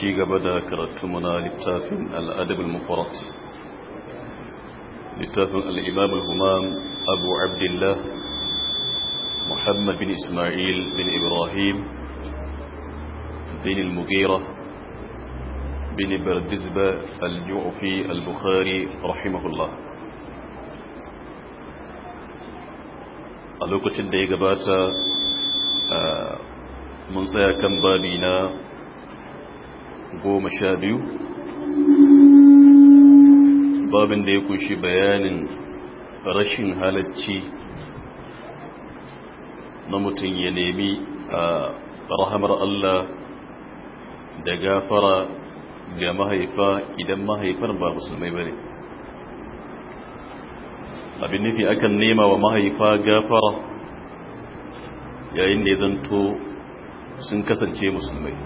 ci gaba da karatunmu na littafin al'adab al-mufarat littafin al'imam al-humam abu abdullah muhammad bin ismail bin ibrahim bin al-mugira bin bardizba al-ju'ufi al-bukhari rahimahullah a lokacin da ya gabata mun tsaya kan babi na goma sha biyu babin da ya kunshi bayanin rashin halacci na mutum ya nemi a rahamar Allah da gafara ga mahaifa idan mahaifar ba musulmai ba ne abin nufi akan nema wa mahaifa gafara yayin da ya zanto sun kasance musulmai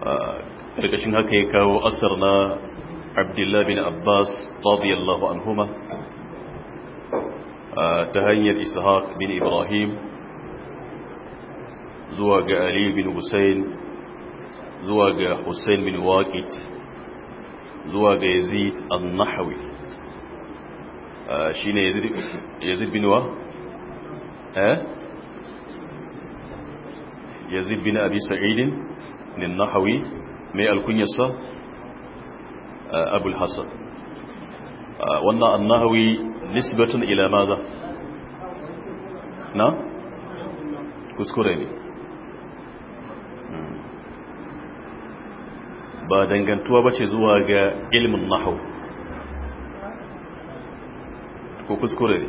ƙarƙashin haka ya kawo asar na abdullahi bin abbas radiyallahu anhuma ta hanyar ishaq bin ibrahim zuwa ga ali bin hussein zuwa ga hussein bin waqid zuwa ga yazid an-nahawi shine yazid yazid bin wa eh yazid bin abi sa'id ninnahawi mai alkunyarsa uh, abul hassan uh, wannan annahawi nisbatun ila maza na kuskure ne hmm. ba dangantuwa ba ce zuwa ga ilmin nahau ko kuskure ne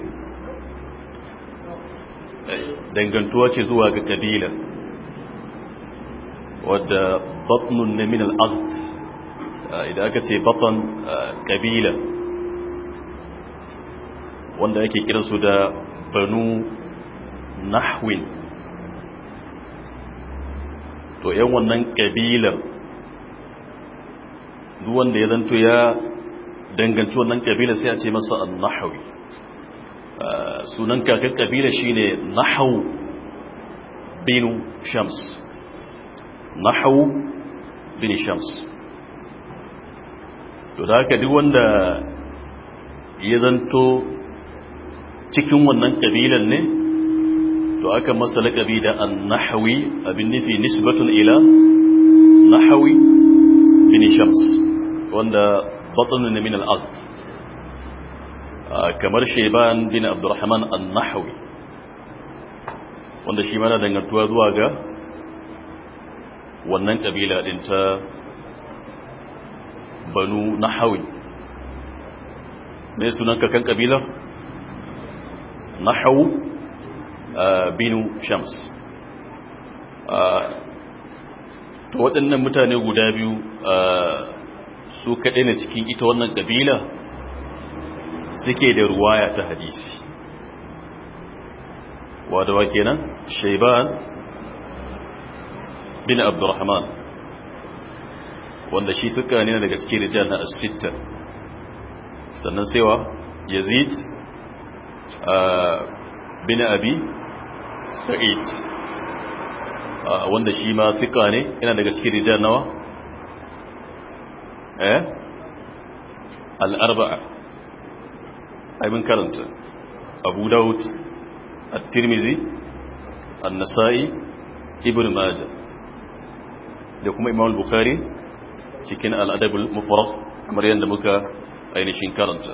eh, dangantuwa ce zuwa ga ƙabilar wadda batnun na min al'azd ah, idan aka ce batan kabila ah, wanda ake kiransu da banu nahwin to yan wannan kabila duk wanda ya zanto ya danganci wannan kabila sai a ce masa an-nahwi ah, sunan kakar kabila shine nahwu binu shams nahu bin shams to da haka duk wanda ya zanto cikin wannan kabilan ne to aka masa laƙabi da an-nahawi abin nufi nisbatun ila nahawi bin shams wanda ne min al-azd kamar sheban bin abdurrahman an-nahawi wanda shi mana dangantuwa zuwa ga wannan kabila ɗin ta banu na hawi mai sunan kakan kabila na hawu uh, binu shams uh, ta waɗannan mutane guda biyu uh, su kaɗai na cikin ita wannan kabila suke da ruwaya ta hadisi wadawa kenan shaiban bin abdurrahman wanda shi suka ne daga cikin rijal na asittar sannan saiwa yazid bin abi sa'id wanda shi ma suka ne yana daga cikin rijal nawa eh al'arba'a aibin karanta abu daud at-tirmizi an-nasa'i ibn majah da kuma imam bukhari cikin al'adabul mufarad kamar yadda muka ainihin karanta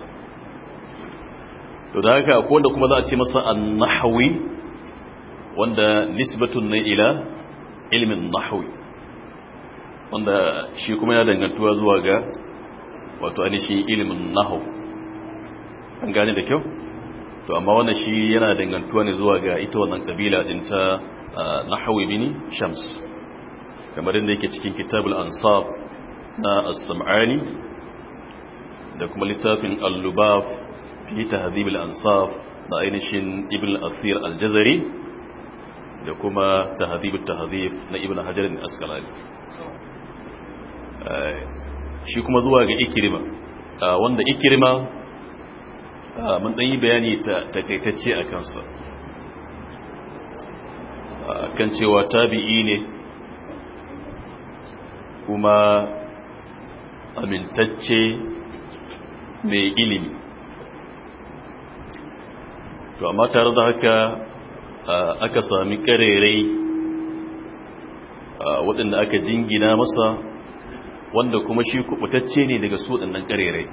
to da haka akwai wanda kuma za a ce masa an-nahwi wanda nisbatun ne ila ilmin nahwi wanda shi kuma ya dangantuwa zuwa ga wato ainihin ilimin nahwu an gane da kyau to amma wannan shi yana dangantuwa ne zuwa ga ita wannan kabila din ta ah, nahwi bini shams kamar yadda yake cikin kitabul ansab na as-sam'ani da kuma littafin al-lubab fi tahdhib al-ansab da ainihin ibn al-asir al-jazari da kuma tahdhib at-tahdhib na ibn hajar al-asqalani eh, shi kuma zuwa ga ikrima ah, wanda ikrima ah, mun dan yi bayani ta takaitacce akan sa ah, kan cewa tabi'i ne kuma amintacce mai ilimi to amma tare da haka aka sami karerai waɗanda aka jingina masa wanda kuma shi kubutacce ne daga su waɗannan karerai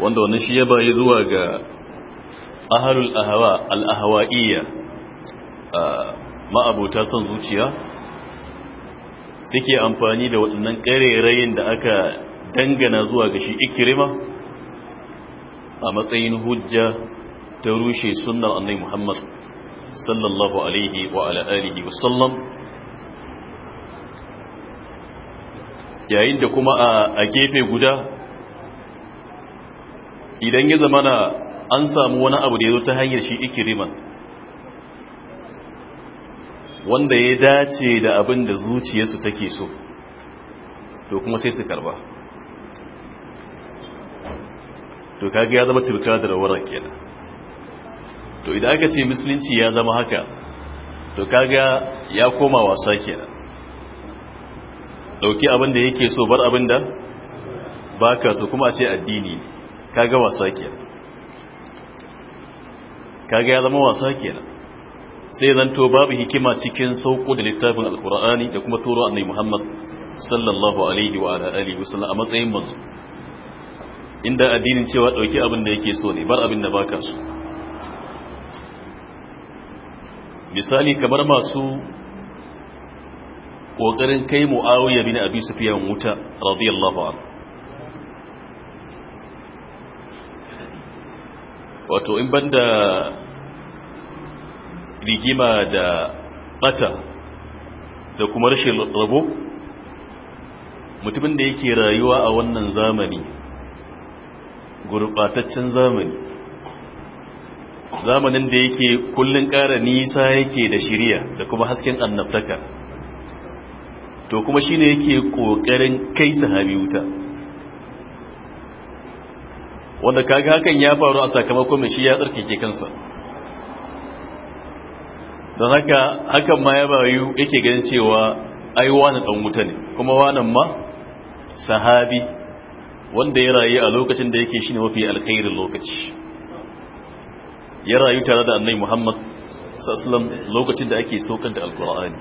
wanda wannan shi ya bayi zuwa ga ahalul ahawa al-ahawa'iyya ma'abuta son zuciya suke amfani da waɗannan ƙarerayin da aka dangana zuwa ga shi ikirima a matsayin hujja ta rushe sunan annai muhammad sallallahu alaihi wa ala'alihi wasallam yayin da kuma a gefe guda idan ya zama na an samu wani abu da ya zo ta hanyar shi ikirima wanda ya dace da abin da zuciyarsu take so to kuma sai su karba to kaga ya zama turka da rawar kenan to idan aka ce musulunci ya zama haka to kaga ya koma wasa kenan dauki abin da yake so bar abin da baka so kuma a ce addini kaga wasa kenan kaga ya zama wasa kenan sai zanto babu hikima cikin sauko da littafin alkur'ani da kuma turo annabi muhammad sallallahu alaihi wa alihi wasallam a matsayin manzo inda addinin cewa dauki abin da yake so ne bar abin da baka so misali kamar masu kokarin kai muawiya bin abi sufyan wuta radiyallahu anhu wato in banda rigima da bata da kuma rashin rabo mutumin da yake rayuwa a wannan zamani gurbataccen zamani zamanin da yake kullun ƙara nisa yake da shirya da kuma hasken annabtaka to kuma shine yake ƙoƙarin kai sahabi wuta wanda kaga hakan ya faru a sakamakon mai shi ya tsarkake kansa don haka hakan ma ya bayu yake ganin cewa ai wani dan wuta ne kuma wannan ma sahabi wanda ya rayu a lokacin da yake shine mafi alkhairin lokaci ya rayu tare da annabi Muhammad sallallahu alaihi wasallam lokacin da ake saukar da alqur'ani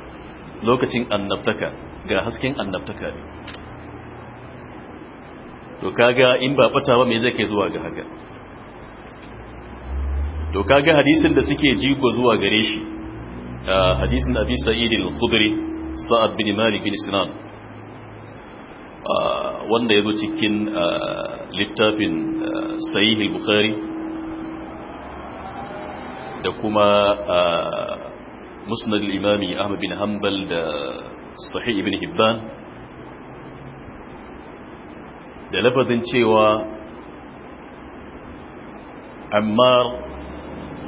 lokacin annabtaka ga hasken annabtaka ne to kaga in ba fata ba me zai kai zuwa ga haka to kaga hadisin da suke jigo zuwa gare shi hadisin abi sa'id al sa'ad bin malik bin sinan wanda ya zo cikin littafin sahih bukhari da kuma musnad al-imami ahmad bin hanbal da sahih ibn hibban da lafazin cewa ammar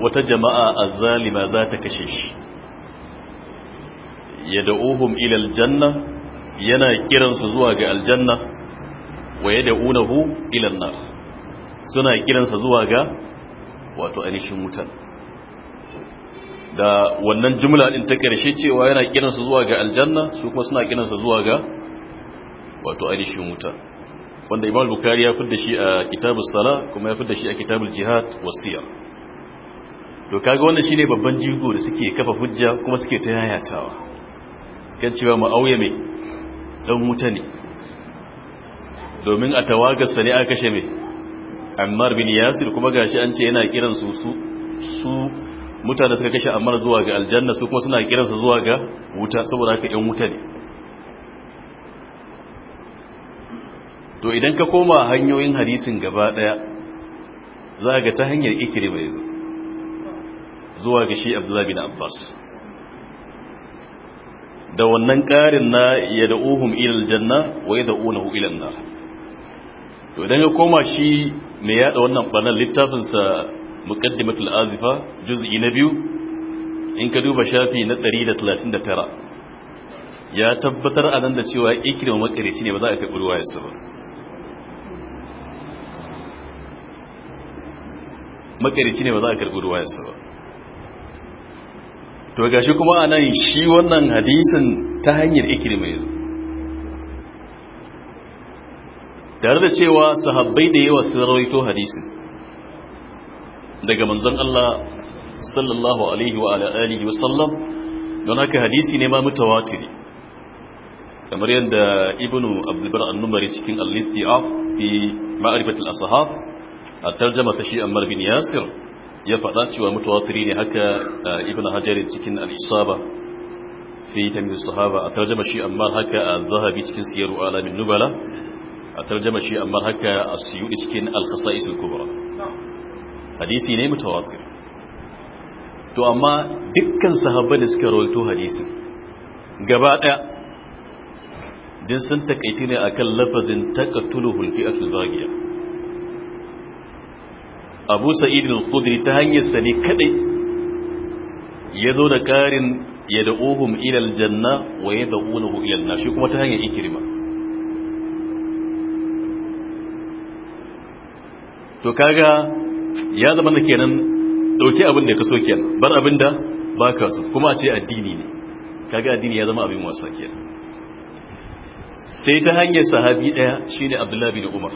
wata jama'a azzalima za ta kashe shi yad'uhum ila aljanna yana kiransu zuwa ga aljanna wa yad'unahu ila an-nar suna kiransa zuwa ga wato anishin wutan da wannan jumla din ta karshe cewa yana kiransa zuwa ga aljanna su kuma suna kiransa zuwa ga wato anishin mutan wanda imam bukari ya fi da shi a kitabus sala kuma ya fi da shi a kitabul jihad wasiya to kaga wannan shine babban jigo da suke kafa hujja kuma suke ta yayatawa ba cewa ma'auya mai ɗan wuta ne domin a tawagarsa ne aka kashe mai ammar bin yasir kuma gashi an ce yana kiransu su su mutane suka kashe ammar zuwa ga aljanna su kuma suna kiransa zuwa ga wuta saboda haka yan wuta ne to idan ka koma hanyoyin hadisin gaba daya za ga ta hanyar ikirma yanzu zuwa ga shi abdullahi bin abbas da wannan ƙarin na ya da da'uhum ilal janna wa ya da'unahu ilal nar to idan ya koma shi mai yada wannan banan littafinsa muqaddimatul azifa juz'i na biyu in ka duba shafi na 139 ya tabbatar a nan da cewa ikrima makarici ne ba za a karɓi ruwa yasa ba makarici ne ba za a karɓi ruwa yasa ba to gashi kuma a nan shi wannan hadisin ta hanyar ikirma yanzu tare da cewa sahabbai da yawa sun rawaito hadisin daga manzon Allah sallallahu alaihi wa alihi sallam don haka hadisi ne ma mutawatiri kamar yadda ibnu abdulbar annumari cikin al-listi fi ma'rifat al-ashab a tarjama ta shi ammar bin yasir ya faɗa cewa mutawatiri ne haka ibn hajar cikin al-isaba fi tamyiz sahaba a tarjuma shi amma haka az zahabi cikin siyaru alamin nubala a tarjuma shi amma haka as-suyuti cikin al-khasa'is al-kubra hadisi ne mutawatir to amma dukkan sahabban da suka rawaito hadisin gaba daya din sun takaiti ne akan lafazin taqatuluhu al-fi'atu zagiya abu sa'id al-khudri ta hanyar sa ne kadai ya zo da karin ya da uhum ila janna, wa ya da'unahu ila ilal nar shi kuma ta hanyar ikrima to kaga ya zama na kenan dauki abin da ka so kenan bar abin da baka so kuma a ce addini ne kaga addini ya zama abin wasa kenan sai ta hanyar sahabi daya shine abdullahi bin umar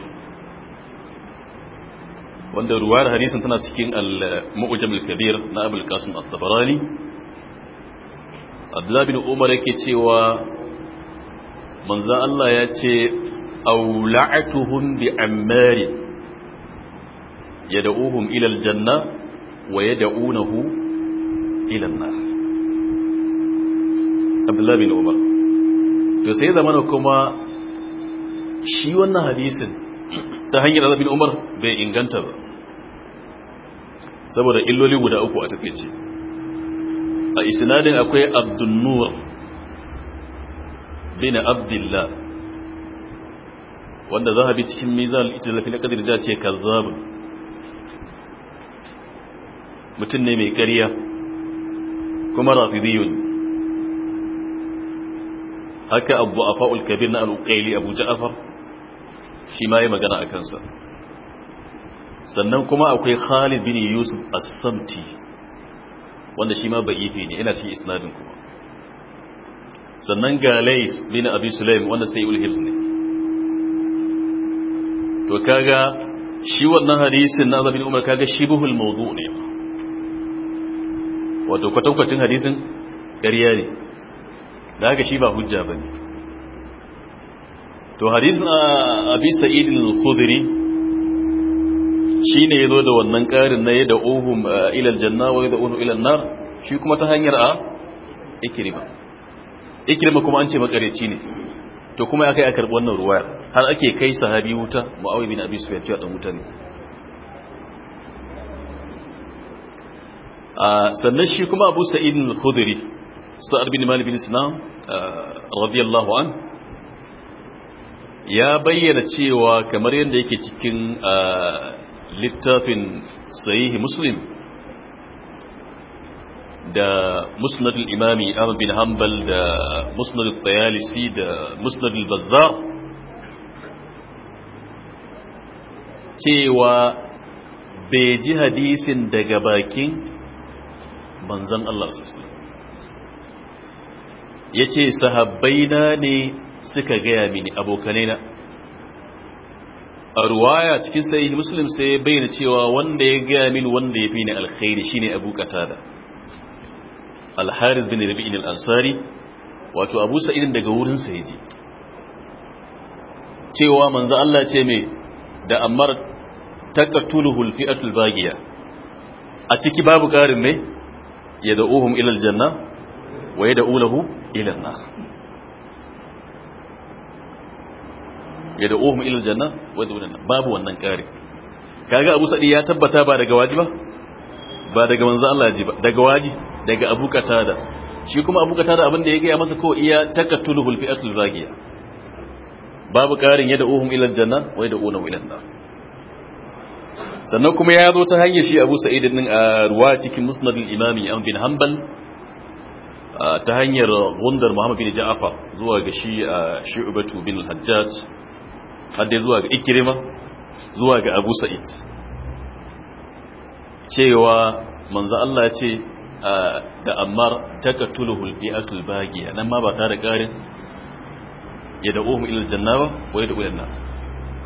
wanda ruwayar hadisin tana cikin al-mu'jam kabir na abul qasim at-tabarani abdullah bin umar yake cewa manzo Allah ya ce aula'atuhum bi ammar yad'uhum ila al-janna wa yad'unahu ila an-nar abdullah bin umar to sai zamana kuma shi wannan hadisin ta hanyar bin umar bai inganta ba saboda illoli guda uku a takaice a isnadin akwai abdunnur bin abdullah wanda za a bi cikin mizan itilafi na kadir ce kazzabin mutum ne mai ƙarya kuma rafidiyun haka abu a kabir na al'ukaili abu ja'afar shi ma yi magana a kansa sannan kuma akwai khalid bin yusuf as-samti wanda shi ma ba'ifi ne ina cikin isnadin kuma sannan ga lais bin abi sulaim wanda sai ul hibs ne to kaga shi wannan hadisin na zabin umar kaga shi buhul mawdu ne wato kwatankwacin hadisin ƙarya ne da haka shi ba hujja bane to hadisin uh, abi sa'id al-khudri shi ne ya zo da wannan ƙarin na yadda ohun uh, ilal janna wa yadda ohun ilal nar shi kuma ta hanyar a ikirima ikirima kuma an ce makareci ne to kuma ya kai a karɓi wannan ruwaya har ake kai sahabi wuta ma'awai bin abi sufiyar cewa ɗan wuta ne sannan shi kuma abu sa'id al-khudri sa'ad bin malik bin sinan uh, radiyallahu an ya bayyana cewa kamar yadda yake cikin uh, littafin sahihi muslim da musnadul imami ahmad bin hanbal da musnadul tayalisi da musnadul bazzar cewa bai ji hadisin daga bakin manzan Allah su ya ce sahabbai ne suka gaya mini abokanai na a ruwaya cikin sayi muslim sai bayyana cewa wanda ya gaya min wanda ya fi ni alkhairi shine abu qatada al-haris bin rabi'in al-ansari wato abu Sa'id daga wurin sa yaji cewa manzo Allah ce me da ammar taqatuluhu al-fi'atul baghiya a ciki babu karin me yad'uhum ila al-janna wa yad'u lahu ila an-nar ya da ohun ilil janna wadda wadda babu wannan ƙari kaga abu sadi ya tabbata ba daga waji ba ba daga manzo Allah ji ba daga waji daga abu katada shi kuma abu katada abin da ya gaya masa ko iya a fi'atul ragiya babu ƙarin ya da ohun ilil janna wadda ohun ilil na sannan kuma ya zo ta hanyar shi abu sa'id din a ruwa cikin musnad imami an bin hanbal ta hanyar gundar muhammad bin ja'far zuwa ga shi shi'ubatu bin al-hajjaj har dai zuwa ga ikirima zuwa ga abu sa'id cewa manzo Allah ya ce da ammar takatuluhul bi'atul bagiya nan ma ba ta da karin ya da ohun ilil janna ba wa ya da uyanna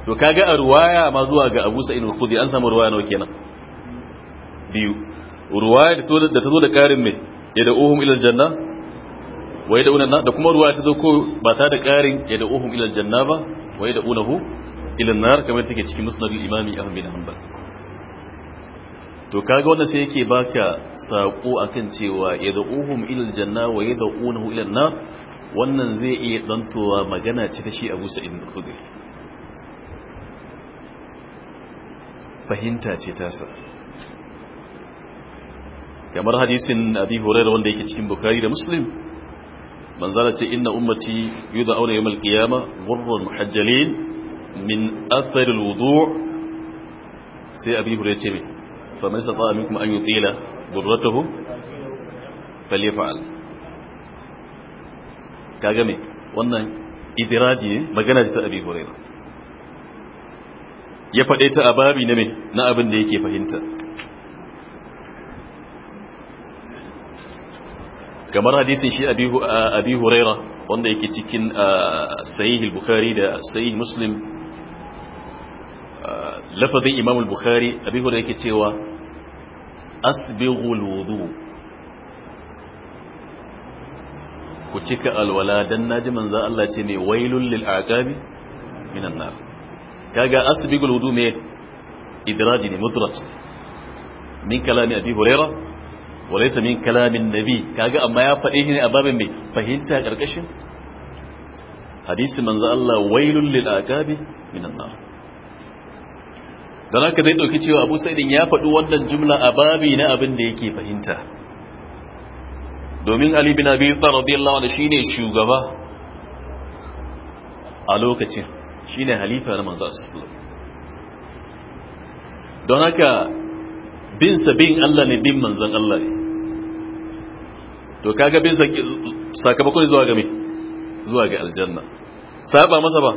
to kaga a ruwaya ma zuwa ga abu sa'id al an samu ruwaya nawa kenan biyu ruwaya da ta zo da karin me ya da ohun ilil janna wa ya da uyanna da kuma ruwaya ta zo ko ba ta da karin ya da ohun ilil janna ba Waye wa yad'unahu ila nar kamar take cikin musnad al-imam Ahmad bin Hanbal to kaga wannan sai yake baka sako akan cewa yad'uhum ila al-janna wa yad'unahu ila nar wannan zai iya dantowa magana ce ta shi Abu Sa'id al-Khudri fahimta ce tasa kamar hadisin Abi Hurairah wanda yake cikin Bukhari da Muslim manzala ce inna ummati yuda auna yawmal qiyama ghurran muhajjalin min athar alwudu sai abi hurairah ce fa man sata minkum an yutila ghurratahu falyafal kaga me wannan idiraji magana ce ta abi hurairah ya faɗe a babi na me na abin da yake fahimta kamar hadisin shi abi huraira wanda yake cikin sahih bukhari da sahih muslim lafazin imam bukhari abi huraira yake cewa asbighul wudu ku cika alwala dan naji manzo Allah ce ne wailul lil aqabi minan nar kaga asbighul wudu me idraji ne mudraj min kalami abi huraira walaysa min kalamin nabi kaga amma ya faɗi shi ne a babin mai fahimta karkashin hadisi manzo Allah wailul lil aqabi min nar dan haka zai dauki cewa Abu Sa'id ya faɗi wannan jumla a babi na abin da yake fahimta domin Ali bin Abi Talib radiyallahu anhu shine shugaba a lokacin shine halifa na manzo sallallahu don haka bin sa bin Allah ne bin manzan Allah ne to kaga bin sa sakamakon zuwa ga me zuwa ga aljanna saba masa ba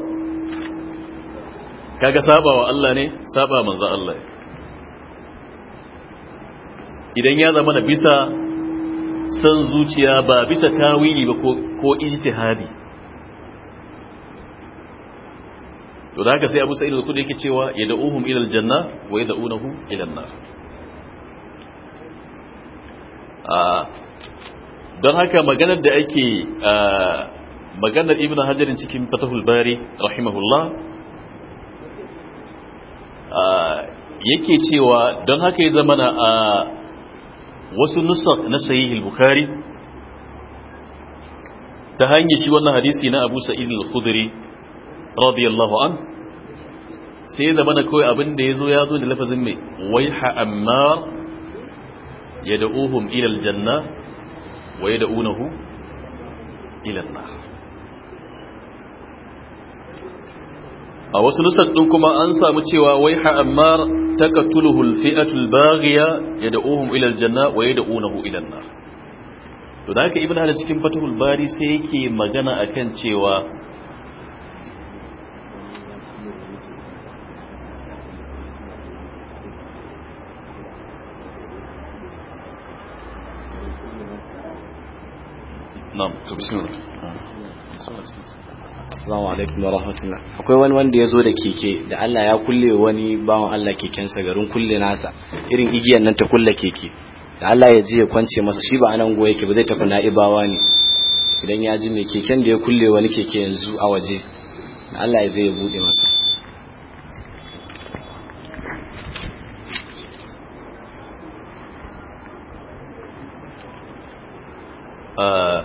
kaga saba wa Allah ne saba manzan Allah ne idan ya zama na bisa san zuciya ba bisa tawili ba ko ijtihadi to da haka sai Abu Sa'id al-Khudri yake cewa yad'uhum ila al-janna wa yad'unahu ila an-nar don haka maganar da ake maganar ibn hajarin cikin fatahul bari rahimahullah yake cewa don haka ya zama a wasu nusar na sahihul bukhari ta hanyar shi wannan hadisi na abu sa'id al-khudri radiyallahu an sai zama na kawai abin da ya zo ya zo da lafazin mai wai ha'ammar yad'uhum ila aljanna wa yad'unahu ila an-nar a wasu nusar din kuma an samu cewa wai ha ammar takatuluhu al-fi'atu al-baghiya yad'uhum ila janna, wa yad'unahu ila an-nar to da haka ibn hada cikin fatahul bari sai yake magana akan cewa na'am to bismillah assalamu alaikum wa akwai wani wanda ya zo da keke da Allah ya kulle wani bawan Allah kekensa garin kulle nasa irin igiyan nan ta kulle keke da Allah ya ji ya kwance masa shi ba anan goye yake ba zai tafi na'ibawa ne idan ya ji mai keken da ya kulle wani keke yanzu a waje da Allah ya zai bude masa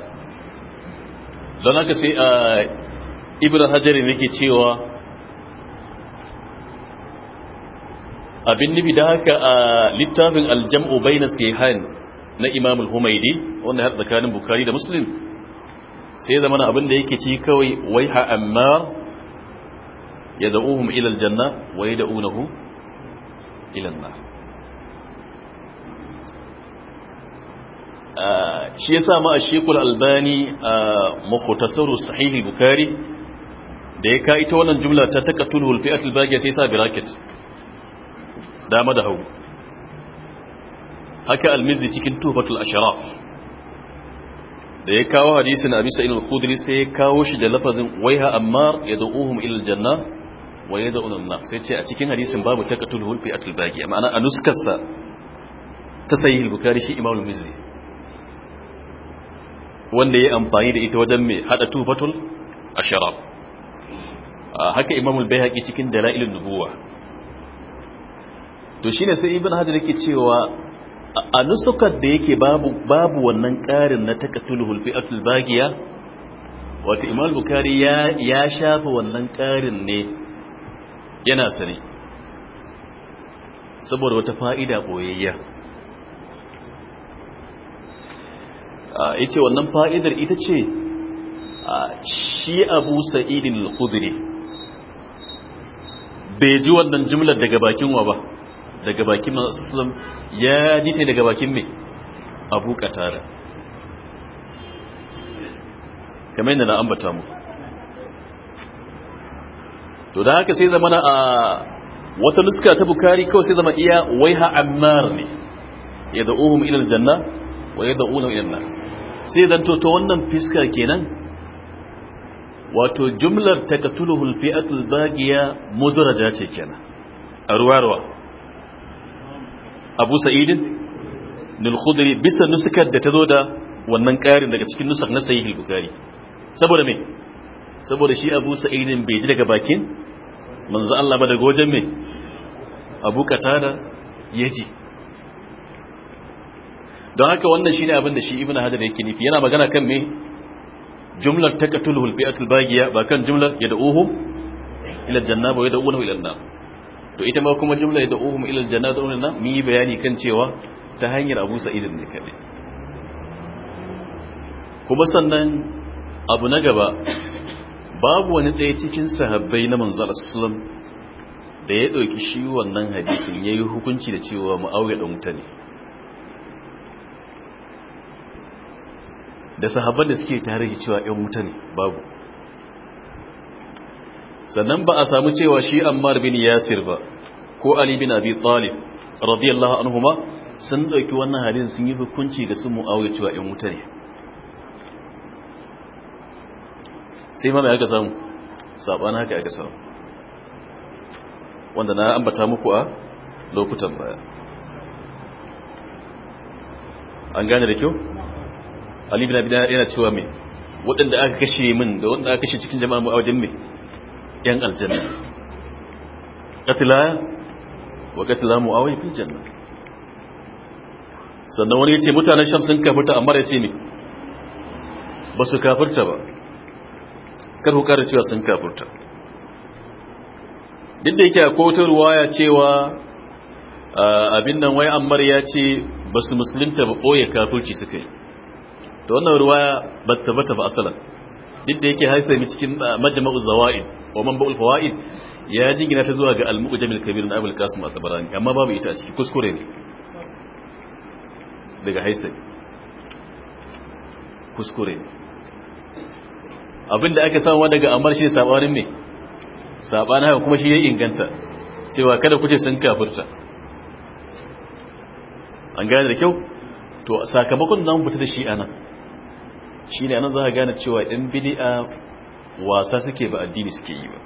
uh don haka sai ibn hajjari yake cewa abin nufi da haka a littafin aljam'u bainas kehan na imamul humaidi wanda har tsakanin bukari da muslim sai zama na abin da yake ci kawai wai amma ya da'uhum ilal janna wai da'unahu ilal na shi yasa ma Sheikhul Albani mukhtasaru sahih al-Bukhari da ya kai ta wannan jumla ta taqatul fi'at al-baqiya sai sa bracket dama da hagu haka almizi cikin Tuhfatul Ashraf da ya kawo hadisin Abi Sa'id al-Khudri sai ya kawo shi da lafazin waiha ammar yad'uhum ila al-janna wa yad'un an-nar sai ce a cikin hadisin babu taqatul fi'at al-baqiya ma'ana a nuskarsa ta sahih al-Bukhari shi Imam mizi wanda ya amfani da ita wajen mai hada tufatul a sharab haka imamul bai cikin dala'ilin nubuwa to shine sai ibn hajar ke cewa a nusukar da yake babu babu wannan ƙarin na taqatulul fi'atul bagiya wato imamul bukari ya shafa wannan ƙarin ne yana sani saboda wata fa'ida ɓoyayya. ya ce wannan fa'idar ita ce shi abu sa'idin al bai ji wannan jimlar daga bakin wa ba daga bakin masu ya ji ta daga bakin mai abu katara kamar yana na ambata mu to da haka sai zama na a wata nuska ta bukari kawai sai zama iya waiha ammar ne ya ohun ilal janna wa yadda ulan illa sai dan to ta wannan fiskar kenan wato jumlar takatuluhu alfi'atu albaqiya mudraja ce kenan a Abu Sa'id bin Khudri bisa nusukar da ta zo da wannan ƙarin daga cikin nusak na Sahih al-Bukhari saboda me saboda shi Abu Sa'id bai ji daga bakin manzo Allah ba daga wajen me Abu Qatada yaji don haka wannan shi ne abin da shi ibn hajar yake nufi yana magana kan me jumlar taqatulul bi'atul bagiya ba kan jumlar yad'uhum ila janna ba yad'unahu ila na. to ita ma kuma jumlar yad'uhum ila janna da mun mi bayani kan cewa ta hanyar Abu Sa'id ne kadai kuma sannan abu na gaba babu wani ɗaya cikin sahabbai na manzon sallallahu da ya ɗauki shi wannan hadisin ya yi hukunci da cewa ma'auya ɗan wuta ne da sahabban da suke tarihi cewa ‘yan wuta ne babu sannan ba a samu cewa shi ammar bin yasir ba ko ali bin abi talib radiyallahu anhuma sun ɗauki wannan halin sun yi hukunci da sun mu'awiyar cewa ‘yan wuta ne sai ma mai aka samu saɓana haka aka samu wanda na ambata muku a lokutan baya an gane da kyau ali bin abi yana cewa me waɗanda aka kashe min da waɗanda aka kashe cikin jama'a mu a wajen yan aljanna Katila wa qatila muawiya fil janna sannan wani yace mutanen sham sun kafirta amma yace ne ba su kafirta ba kar ku kara cewa sun kafirta duk da yake akwai wata ruwaya cewa ah, abin nan wai ammar ya ce ba su musulunta ba ɓoye kafirci suka yi to wannan ruwaya ba ta bata ba asalan duk da yake mi cikin ah, majma'u zawaid wa ba'ul fawaid ya jingina ta zuwa ga al mujamil kabir na Abul Qasim at-Tabarani amma babu ita a ciki kuskure ne daga haisami kuskure ne abinda aka samu daga Ammar shi sabanin me sabanin haka kuma shi ya inganta cewa kada kuce sun kafirta an gane da kyau to sakamakon nan fita da shi anan shi ne anan za ka gane cewa ɗin bidi'a wasa suke ba addini suke yi ba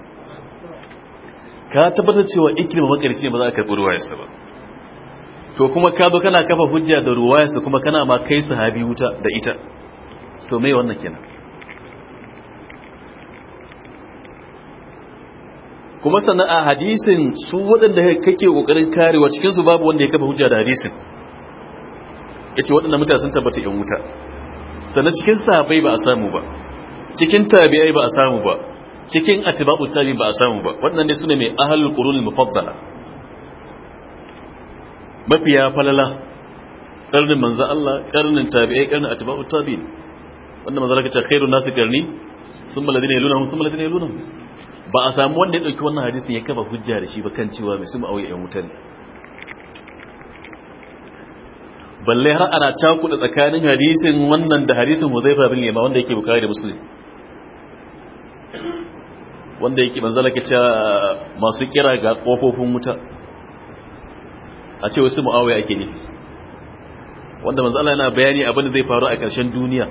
ka tabbatar cewa ba makarci ne ba za a karɓi ruwayarsa ba to kuma ka zo kana kafa hujja da ruwayarsa kuma kana ma kai sahabi wuta da ita to me wannan kenan kuma sannan a hadisin su waɗanda kake ƙoƙarin karewa cikinsu babu wanda ya kafa hujja da hadisin ya ce waɗanda mutane sun tabbata 'yan wuta sannan cikin sahabai ba a samu ba cikin tabi'ai ba a samu ba cikin atiba'u tabi ba a samu ba wannan ne sune mai ahlul qurun mufaddala mafiya falala karnin manzo Allah karnin tabi'ai karnin atiba'u tabi wannan manzo Allah ya ce khairun nasi karni thumma ladina yalunahum thumma ladina yalunahum ba a samu wanda ya dauki wannan hadisin ya kafa hujja da shi ba kan cewa mai sun auya ƴan wuta balle har ana cakuɗa tsakanin hadisin wannan da hadisin huzaifa bin lema wanda yake bukari da muslim wanda yake manzala ke cewa masu kira ga kofofin wuta a ce wasu mu'awai ake ne wanda manzala yana bayani abin da zai faru a ƙarshen duniya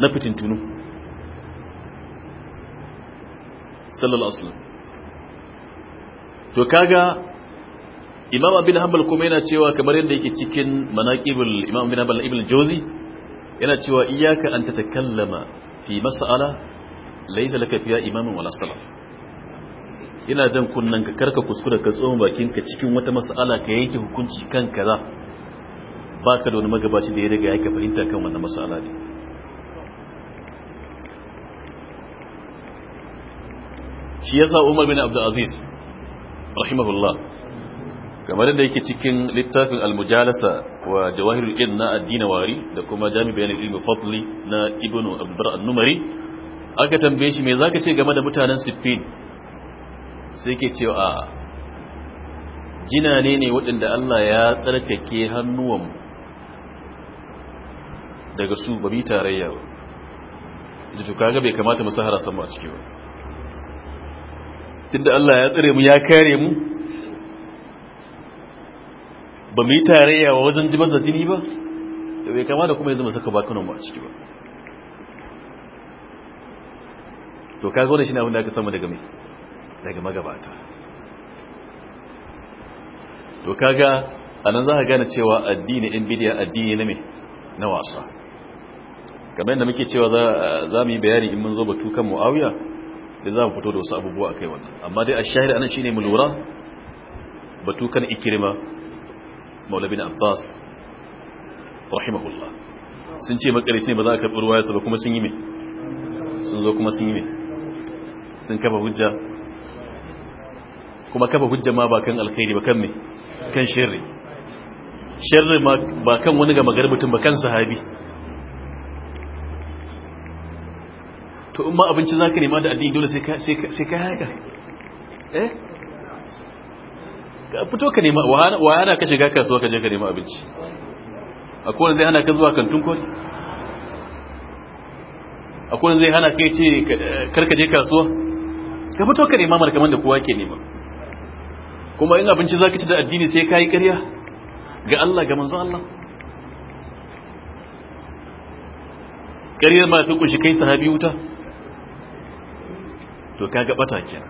na fitintunu sallallahu alaihi wasallam to kaga imam abin hanbal kuma yana cewa kamar yadda yake cikin manaqibul imam abin hanbal ibn jozi yana cewa iyyaka an tatakallama fi mas'ala laysa laka fiha imamin wala salaf ina jan kunnan ka karka kuskura ka tsoma bakin ka cikin wata mas'ala ka yanke hukunci kan kaza baka da wani magabaci da ya riga yake fahimta kan wannan mas'ala ne shi yasa Umar bin Abdul Aziz rahimahullah kamar da yake cikin littafin al-mujalasa wa jawahirul ilm na addini wari da kuma jami bayan ilmi fadli na ibnu abdur an aka tambaye shi me zaka ce game da mutanen siffin sai yake cewa a jinane ne waɗanda Allah ya tsarkake hannuwan daga su ba bi tarayya ba jitu kaga bai kamata mu sahara sama a ciki ba tunda Allah ya tsare mu ya kare mu ba mu yi tarayya wajen jibar da jini ba da bai kama da kuma yanzu masu kaba kanonmu a ciki ba to ka zo da shi ne abin da aka samu daga mai daga magabata to kaga anan za ka gane cewa addini in bidiya addini na mai na wasa kamar yadda muke cewa za mu yi bayani in mun zo batu kan mu'awiya da za mu fito da wasu abubuwa a kai wannan amma dai a shahida anan shine mu lura batu kan ikirma maulabin abbas rahimahullah sun ce makarici ne ba za a karɓi ruwayarsa ba kuma sun yi mai sun zo kuma sun yi mai sun kafa hujja kuma kafa hujja ma ba kan alkhairi ba kan mai kan shirri shirri ba kan wani ga magarbutin ba kan sahabi to in ma abinci za ka nema da addini dole sai ka haka eh fito ka nema wa ana ka shiga kasuwa ka je ka nema abinci Akwai wanda zai hana ka zuwa kantin kori Akwai wanda zai hana ka ce ka je kasuwa ka fito ka nema mara kaman da kowa ke nema kuma in abinci za ci da addini sai ka yi karya ga Allah ga manzo Allah karyar ma ta kushi kai sahabi wuta to ka bata kenan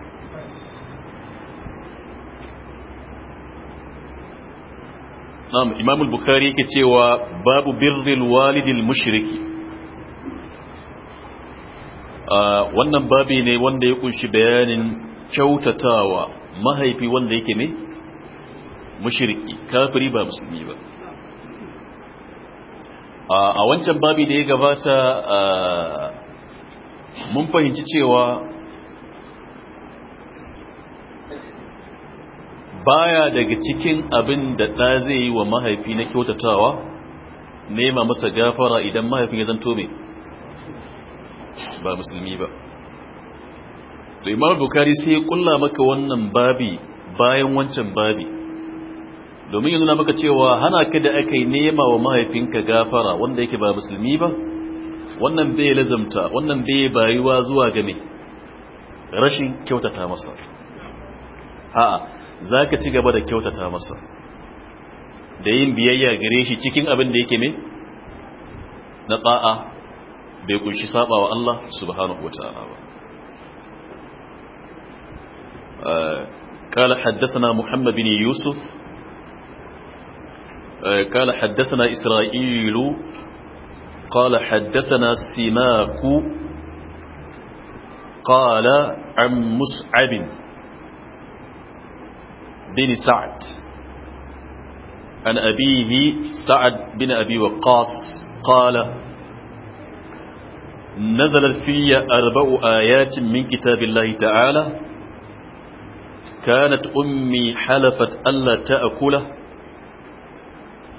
نعم امام البخاري bukhari yake cewa babu birrul walidil mushriki wannan babi ne wanda ya kunshi bayanin kyautatawa mahaifi wanda yake ne mushriki kafiri ba musulmi ba a wancan babi da ya gabata mun fahimci cewa baya daga cikin abin da ɗa zai yi wa mahaifi na kyautatawa nema masa gafara idan mahaifin ya zanto mai ba musulmi ba da imam bukari sai ya kulla maka wannan babi bayan wancan babi domin yanzu na maka cewa hana ka da aka yi nema wa mahaifinka gafara wanda yake ba musulmi ba wannan bai lazamta wannan bai bayuwa zuwa game rashin kyautata masa a'a za ka ci gaba da kyautata masa da yin biyayya gare shi cikin abin da yake mai na ɗa'a bai kunshi saba wa Allah subhanahu wa ta'ala ba قال حدثنا محمد بن يوسف قال حدثنا إسرائيل قال حدثنا سماك قال عن مسعب بن سعد عن أبيه سعد بن أبي وقاص قال نزلت في أربع آيات من كتاب الله تعالى كانت أمي حلفت ألا تأكله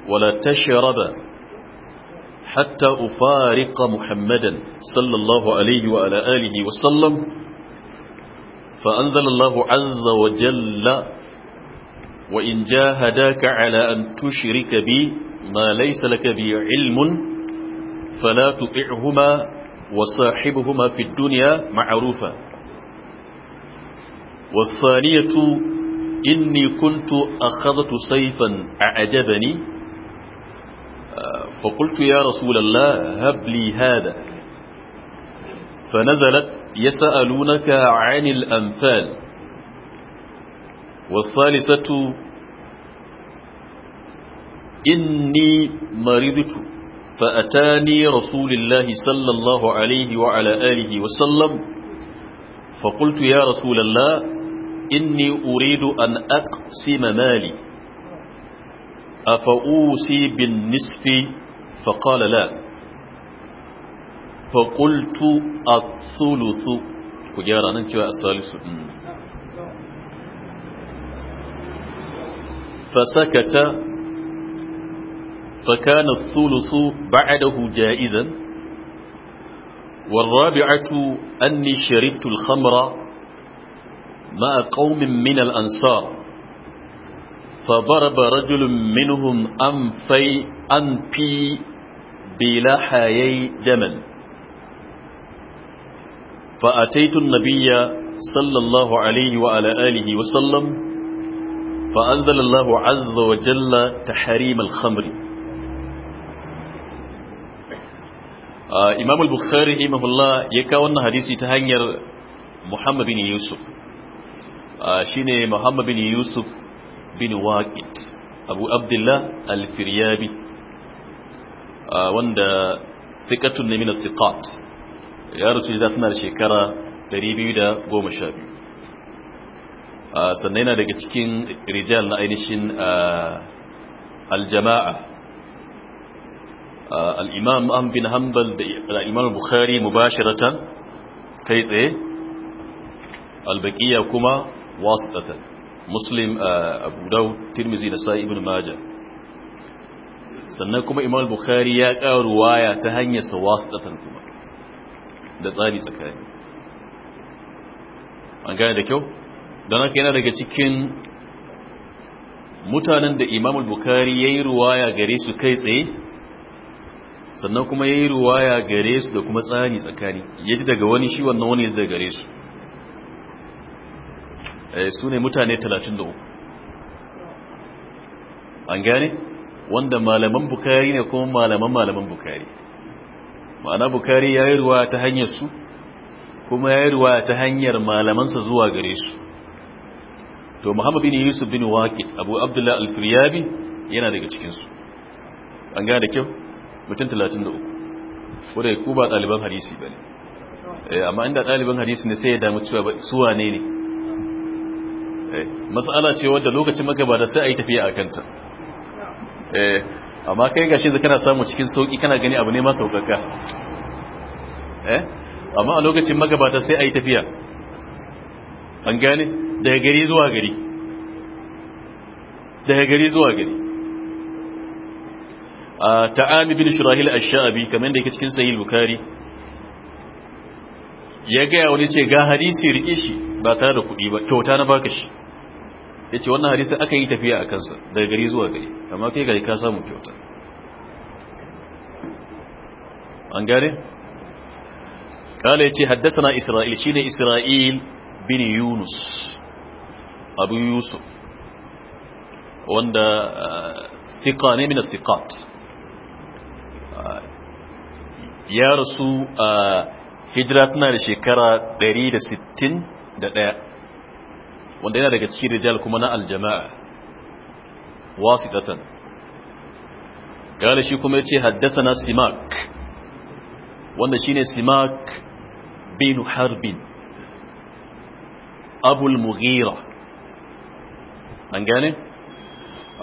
ولا تشرب حتى أفارق محمدا صلى الله عليه وعلى آله وسلم فأنزل الله عز وجل وإن جاهداك على أن تشرك بي ما ليس لك بي علم فلا تطعهما وصاحبهما في الدنيا معروفا والثانية إني كنت أخذت سيفا أعجبني آه، فقلت يا رسول الله هب لي هذا فنزلت يسألونك عن الأنفال wasanisatu inni maribitu fa’atani rasulillahi sallallahu alaihi wa ala’alihi wasallam faƙultu ya rasulallah inni uridu an aqsi mali a a tsulusu ku gyara nan cewa a salisu ɗin فسكت فكان الثلث بعده جائزا والرابعة أني شربت الخمر مع قوم من الأنصار فضرب رجل منهم أنفي أنفي بلحيي جمل فأتيت النبي صلى الله عليه وعلى آله وسلم فأنزل الله عز وجل تحريم الخمر آه إمام البخاري رحمه الله يكاون حديثي تهنير محمد بن يوسف آه شيني محمد بن يوسف بن واقد أبو عبد الله الفريابي آه وند ثقة من الثقات يا رسول الله تنار شكرا قريبي دا قوم شابي Ah, sannan yana daga cikin rijal na ainihin ah, aljama'a ah, al'imam an hanbal da al'imam bukhari mubashiratan kai tsaye albaƙiya kuma wasitatan muslim abu dau tirmizi da sa ibn Maja. sannan kuma imam bukhari ya ƙaru waya ta hanyar sa kuma da tsari tsakani an gane da kyau don haka yana daga cikin mutanen da imam bukari ya yi ruwaya gare su kai tsaye sannan kuma ya yi ruwaya gare su da kuma tsari tsakani ya ji daga wani shi wannan wani ya daga gare su eh, su ne mutane 33 an gane wanda malaman bukari ne kuma malaman malaman bukari ma'ana bukari ya yi ruwa ta hanyar su kuma ya yi ruwa ta hanyar malamansa zuwa gare su to muhammad bin yusuf bin waqid abu abdullah al-firyabi yana daga cikinsu an gane da kyau mutum 33 ko ku ba ɗaliban hadisi ba ne eh, amma inda ɗaliban hadisi ne sai ya damu cewa wane ne eh Mas'ala ce wadda lokacin magabata sai a yi tafiya a kanta eh, amma kai gashi da kana samu cikin sauki kana gani abu ne ma saukaka eh, amma a lokacin magabata sai a yi tafiya an gane daga gari zuwa gari daga gari zuwa gari a ta'ami bin shirahil ash kamar da yake cikin sahih bukhari ya gaya wani ce ga hadisi rike shi ba tare da kuɗi ba kyauta na baka shi ya ce wannan hadisi aka yi tafiya a kansa daga gari zuwa gari amma kai gari ka samu kyauta an gare kala ya ce haddasa na isra'il shi ne isra'il bin yunus abu yusuf wanda thika ne min thiqat ya rasu a hijira tana da shekara 161 wanda yana daga cikin rijal kuma na aljama'a wasitatan kala shi kuma yace haddasa na simak wanda shine simak binu harbin abul mughira an gane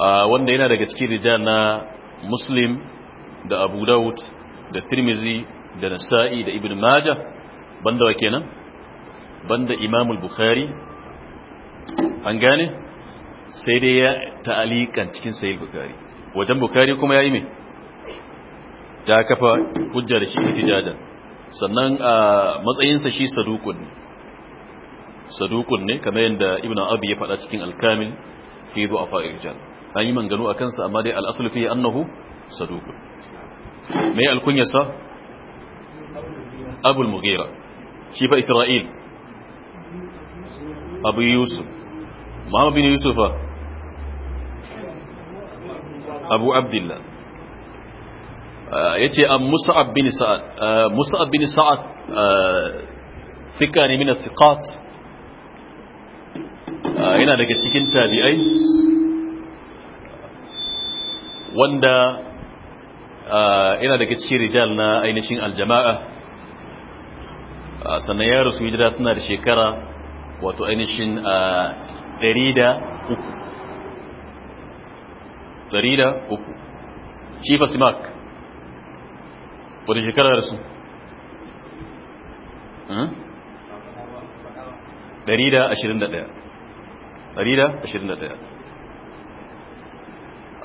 ah, wanda yana daga cikin rijal na muslim da abu daud da tirmizi da nasa'i da ibn majah banda wa kenan banda imamul bukhari an gane sai dai ya ta'alikan cikin sayil bukhari wajen bukhari kuma ya yi mai ya kafa hujja da shi istijajan sannan a ah, matsayinsa shi sadukun sadukun ne kamar yadda ibn abi ya faɗa cikin alkamil fi zuwa fa'irjan an yi mangano a kansa amma dai al'asul fi annahu sadukun mai alkunyarsa abul mughira shi fa isra'il abu yusuf ma bin yusufa abu abdullah yace am musa'ab bin sa'ad musa'ab bin sa'ad fika ne min siqat yana ah, daga cikin tabi'ai wanda yana ah, daga cikin rijal na ainihin aljama'a ah, sannan ya rasu hijira suna da shekara wato ainihin ɗari da uku ɗari da uku shifa simak wadda shekara rasu hmm? ɗari da ashirin da ɗaya 121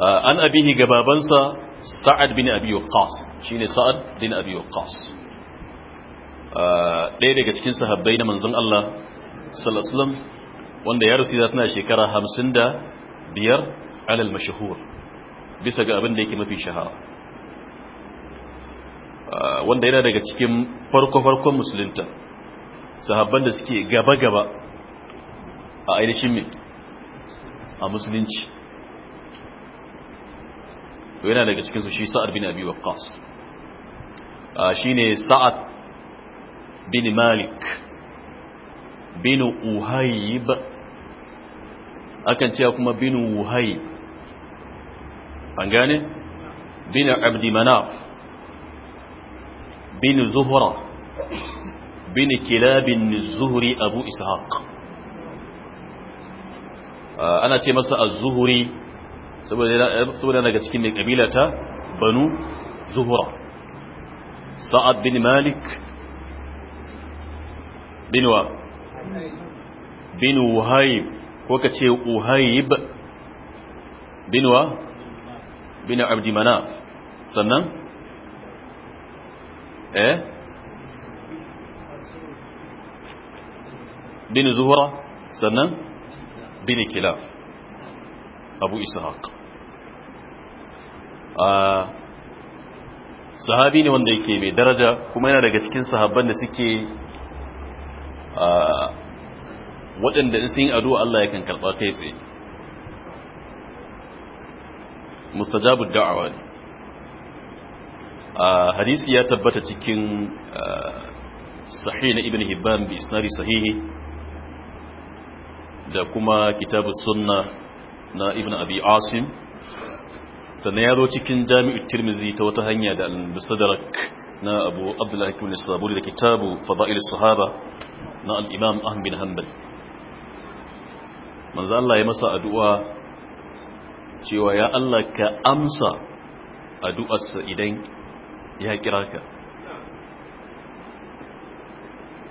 ah, an abihi ga babansa sa'ad bin abi waqqas shine sa'ad bin abi waqqas ah, ɗaya daga cikin sahabbai na manzon Allah sallallahu alaihi wasallam wanda ya rusi tana shekara 55 alal mashhur bisa ga abin da yake mafi shahara ah, wanda yana daga cikin farko-farkon musulunta sahabban da suke gaba-gaba a ainihin mai a musulunci to yana daga cikinsu shi sa'ad bin abi waqqas shi ne sa'ad bin malik bin uhayb akan cewa kuma bin uhayb an gane bin abdi manaf bin zuhura bin kilabin zuhuri abu ishaq Ah, ana ce masa az-zuhuri saboda daga cikin mai kabila ta banu zuhura sa'ad bin malik bin wa bin wahayb ko ka ce uhayb bin wa bin abdi manaf sannan eh bin zuhura sannan bin abu ishaq a ah, sahabi ne wanda yake mai daraja kuma yana daga cikin sahabban da suke ah, waɗanda in sun yi addu'a Allah yakan karɓa kai tsaye mustajabu da'awa a ah, hadisi ya tabbata cikin sahih na ibn hibban bi isnari sahihi da kuma kitabu sunna na ibn abi asim sannan ya zo cikin jami'in tirmizi ta wata hanya da al-mustadrak na abu abdullahi ibn saburi da kitabu fada'il sahaba na al-imam ahmad bin hanbal manzo Allah ya masa addu'a cewa ya Allah ka amsa addu'arsa idan ya kira ka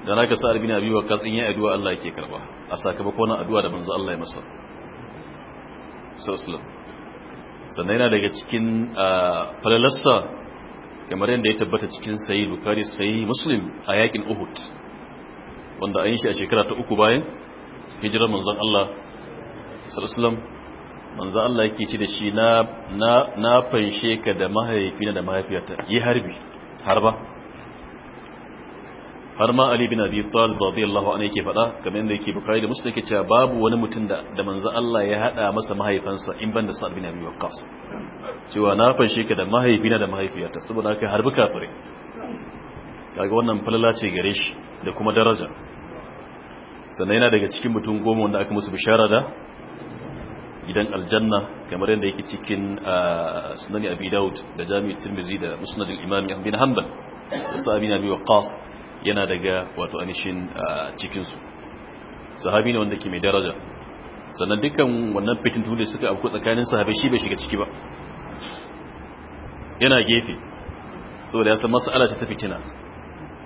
dan haka sa'ad bin abi waqas in ya addu'a Allah yake karba a sakamakon addu'a da manzo Allah ya masa sallallahu sannan yana daga cikin falalarsa kamar yadda ya tabbata cikin sayi bukari sayi muslim a yakin uhud wanda an yi shi a shekara ta uku bayan hijirar manzon Allah sallallahu manzo Allah yake shi da shi na na ka da mahaifina da mahaifiyata yi harbi harba har ma ali bin abi talib radiyallahu anhu yake faɗa kamar yadda yake bukhari da muslim yake cewa babu wani mutum da da manzo Allah ya hada masa mahaifansa in ban da sa'ad bin abi waqqas cewa na fanshe ka da mahaifina da mahaifiyata saboda aka harbi kafire kaga wannan falala ce gare shi da kuma daraja sannan yana daga cikin mutum goma wanda aka musu bishara da gidan aljanna kamar yadda yake cikin ah, sunan abi daud da jami'at tirmidhi da musnad al-imam ibn hanbal da bin abi waqqas yana daga wato anishin cikinsu sahabi ne wanda ke mai daraja sannan dukkan wannan fitin tuli suka abu tsakanin sahabi shi bai shiga ciki ba yana gefe saboda ya san mas'ala ce ta fitina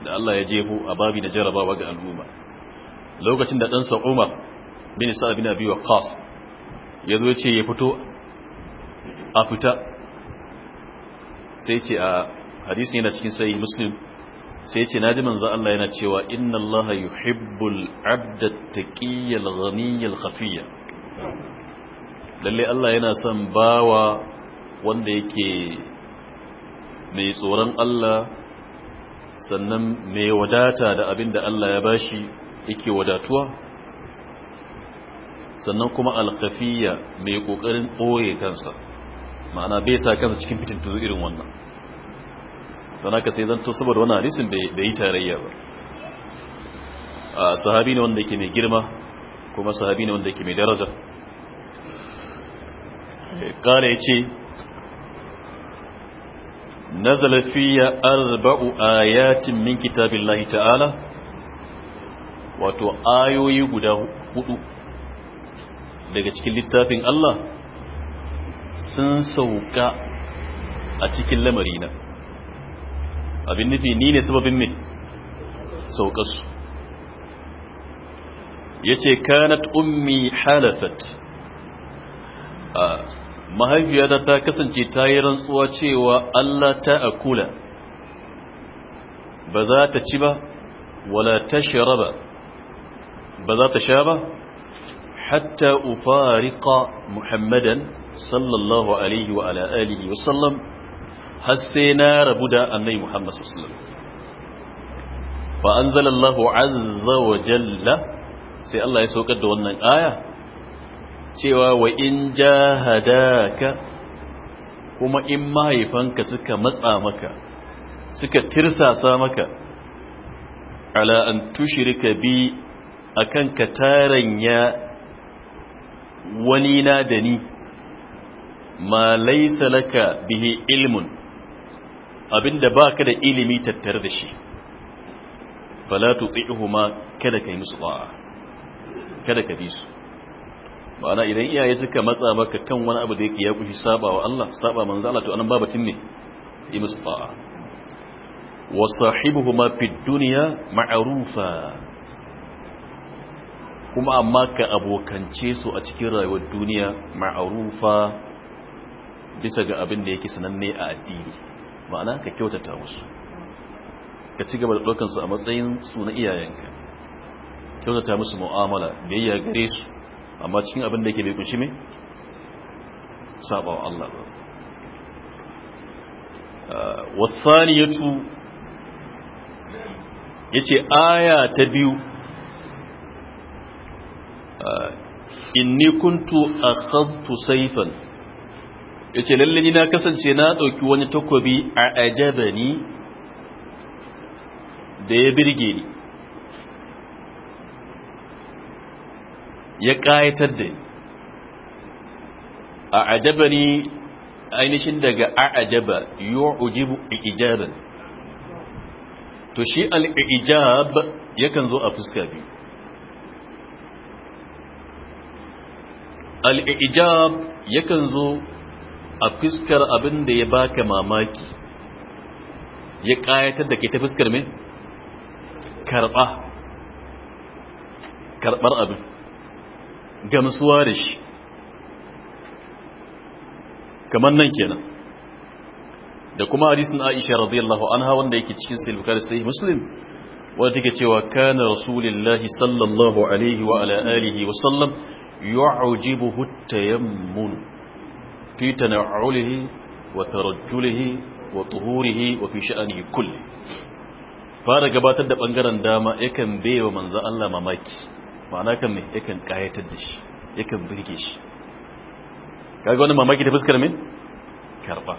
da Allah ya jefo a babi da jarabawa ga al'umma lokacin da ɗansa Umar bin Sa'ad bin Abi Waqqas ya zo ya ce ya fito a fita sai ce a hadisi yana cikin sahih Muslim sai ce ji manzo Allah yana cewa inna Allah yuhibbul abda taqiyyal ghaniyal khafiyya lalle Allah yana son bawa wanda yake mai tsoron Allah sannan mai wadata da abin da Allah ya bashi yake wadatuwa sannan kuma alkhafiyya mai kokarin boye kansa ma'ana bai sa kansa cikin fitin irin wannan don haka sai zanto saboda wannan hadisin bai yi tarayya ba A sahabi ne wanda yake mai girma kuma sahabi ne wanda yake mai daraja eh, Kare ce nazala fiya arba'u ayatin min kitabillahi ta'ala wato ayoyi guda hudu daga cikin littafin Allah sun sauka a cikin lamarina abin nufi ni ne sababin min saukasu ya ce kanat ummi halafat mahaifiyata ta kasance ta yi rantsuwa cewa Allah ta akula ba za ta ci ba wala ta sharaba ba za ta sha ba hatta ufarika muhammadan sallallahu alaihi wa ala alihi wasallam har sai na rabu da annabi Muhammad sallallahu alaihi wasallam fa anzalallahu azza wa jalla sai Allah ya saukar da wannan aya cewa wa in jahadaka kuma in mahaifanka suka matsa maka suka tirsasa maka ala an tushrika bi akan ka taranya wani na da ni ma laysa laka bihi ilmun abinda ba ka da ilimi tattare da shi fala tuti'uhuma kada yi musu ba'a kada ka bi su ma'ana idan iyaye suka matsa maka kan wani abu da yake ya kushi saba wa Allah saba manzo Allah to anan babatin ne yi musu ba'a wa sahibuhuma fid dunya ma'rufa kuma amma ka abokance su a cikin rayuwar duniya ma'rufa bisa ga abin da yake sananne a addini ma'ana ka kyautata musu ka ci gaba da ɗaukansu a matsayin su na iyayenka kyautata musu mu'amala biyayya gare su amma cikin abin da yake bai kunshi mai saba wa Allah ba uh, ya ce aya ta biyu uh, inni kuntu a saifan. yace lalle ni na kasance na dauki wani takobi a ajabani da ya birge ni ya ƙayatar da ni a ajabani ainihin daga a wa ujibu ijaban to shi al-ijab yakan zo a fuska biyu al-ijab yakan zo a fiskar abin da ya baka mamaki ya kayatar da ke ta fiskar mai karɓa karɓar abin gamsuwa da shi kamar nan kenan da kuma hadisin Aisha radiyallahu anha wanda yake cikin sahih Bukhari sahih Muslim wanda take cewa kana rasulillahi sallallahu alaihi wa ala alihi wa sallam yu'jibuhu at-tayammun fi tana'ulihi wa tarajjulihi wa tuhurihi wa fi sha'anihi kulli fara gabatar da bangaren dama yakan baiwa manzo Allah mamaki ma'ana kan me yakan kayatar da shi yakan burge shi kaga wani mamaki ta fuskar min karba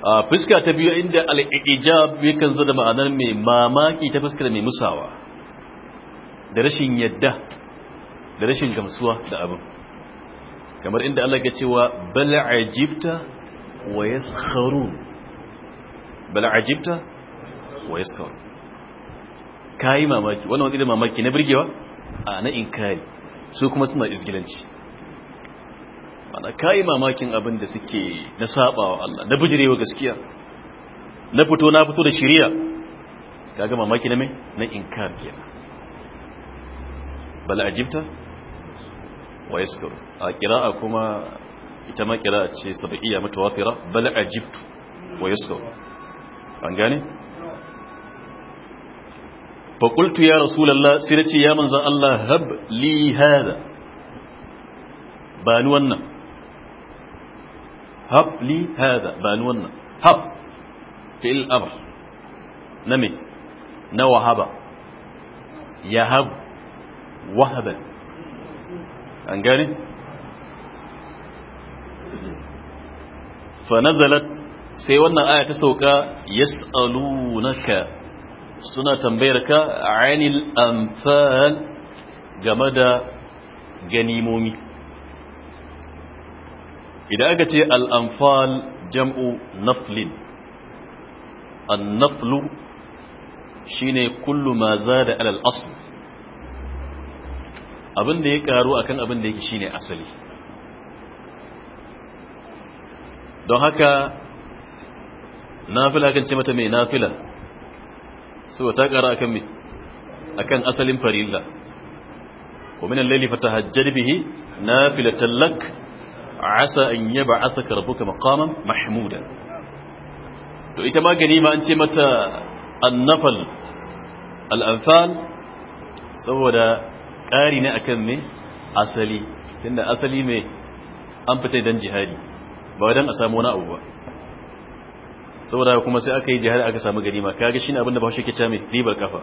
a fuska ta biyu inda al-ijab yakan zo da ma'anar mai mamaki ta fuskar mai musawa da rashin yadda da rashin gamsuwa da abin kamar inda Allah ke cewa bal ajibta wa yaskharun bal ajibta wa yaskharun kai mamaki wannan wani da mamaki na birgewa a na inkari su kuma suna izgilanci Ana kai mamakin abin da suke na sabawa Allah na bijirewa gaskiya na fito na fito da shari'a kaga mamaki na me na inkari kenan bal ajibta ويسكر قراءة كما يتم قراءة سبعية متوافرة بل عجبت ويسكر فانجاني فقلت يا رسول الله سيرتي يا منزا الله هب لي هذا بانونا هب لي هذا بانونا هب في الأمر نمي نوهب يهب وهبت an gane fanazalat sai wannan aya ta sauka yas'alunaka suna tambayar ka anil amfal game da ganimomi idan aka ce al'amfal jam'u naflin annaflu shine kullu ma da alal asl abin da ya karu akan abin da yake shine asali don haka nafila kan ce mata mai nafila so ta kara akan mai akan asalin farilla wa lalifa ta layli fatahajjad bihi nafilatan lak asa an yab'athaka rabbuka maqaman mahmuda to ita ma ma an ce mata annafal al-anfal saboda ƙari ne akan me asali tunda asali me an fita dan jihadi ba dan a samu wani abu ba saboda kuma sai aka yi jihadi aka samu ma kaga shine abin da Bahaushe ke cewa mai ribar kafa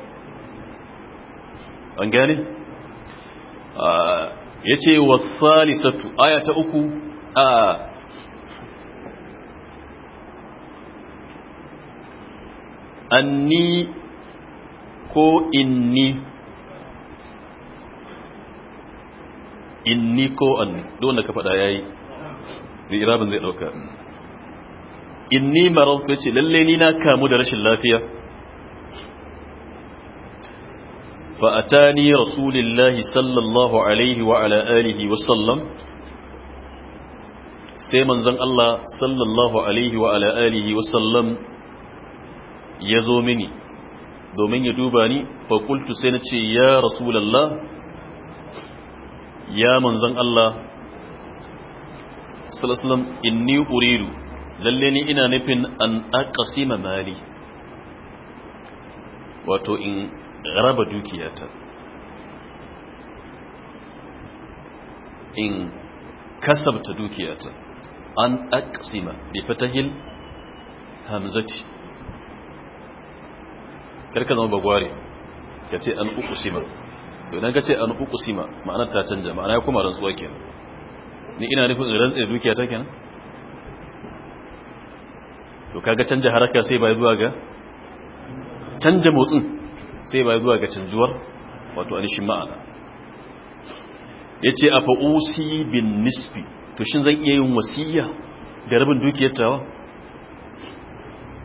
an gane ah, yace wasalisatu aya ta uku a anni ko inni in ni ko an don da ka faɗa yayi da irabin zai ɗauka inni marautu ya ce lalle ni na kamu da rashin lafiya fa'atani rasulillahi sallallahu alaihi wa ala alihi wasallam sai manzon Allah sallallahu alaihi wa ala alihi wasallam ya zo mini domin ya duba ni fa kultu sai na ce ya rasulallah ya manzon Allah sallallahu inni uridu lalle ni ina nufin an aqsima mali wato in raba dukiyata in kasabta dukiyata an aqsima bi fatahil hamzati karka zama bagware ka ce an uku uqsima to idan ka ce an uqsima ma'anar ta canja ma'ana ya kuma rantsuwa kenan ni ina nufin in dukiya ta kenan to kaga canja haraka sai bai zuwa ga canja motsin sai bai zuwa ga canjuwar wato alishin ma'ana yace afa usi bin nisfi to shin zan iya yin wasiya da rabin dukiyar tawa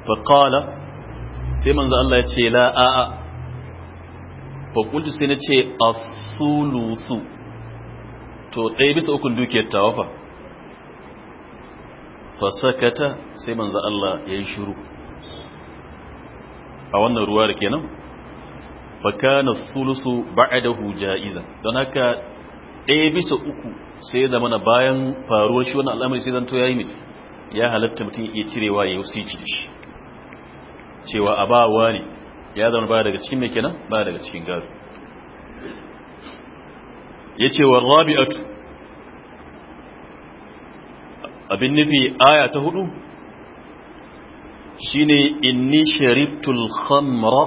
fa qala sai manzo Allah ya ce la a'a fakultu sai na ce a sulusu to ɗaya bisa ukun dukiyar tawafa fasakata sai manza Allah ya yi shiru a wannan ruwa da kenan na sulusu ba'adahu ja'iza don haka ɗaya bisa uku sai zama na bayan faruwar shi wannan al'amari sai zanto ya yi mai ya halatta mutum iya cirewa ya yi wasu da cewa a ba wa ne ya zama ba daga cikin mai kenan ba daga cikin gado ya ce wa rabi'atu abin nufi aya ta hudu shine inni sharibtul khamra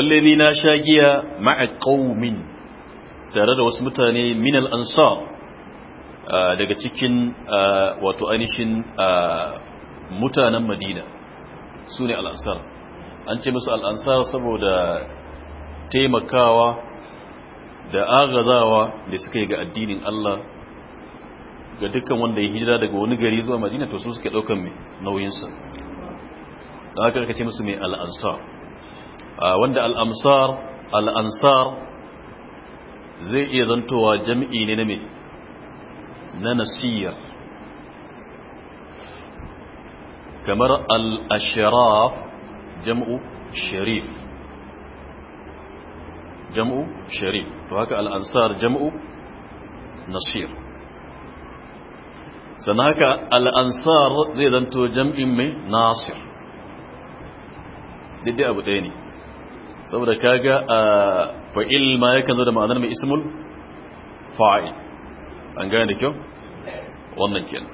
lalle ni na sha giya ma'a qaumin tare da wasu mutane min al ansar daga cikin wato ainihin mutanen madina sune al ansar an ce musu al'ansar saboda taimakawa da agazawa da suka yi ga addinin Allah ga dukkan wanda ya hijira daga wani gari zuwa madina to su suke ɗaukan mai nauyinsa da aka ce musu mai al'ansar wanda al'amsar al'ansar zai iya zantowa jami'i ne na mai nasiyar kamar al'ashiraf jam'u sharif jam'u sharif to haka al'ansar jam'u nasir sannan haka al'ansar zai zanto jam'in mai nasir daidai abu ɗaya ne saboda kaga a fa'il ma yakan zo da ma'anar mai ismul fa'il an gane da kyau wannan kenan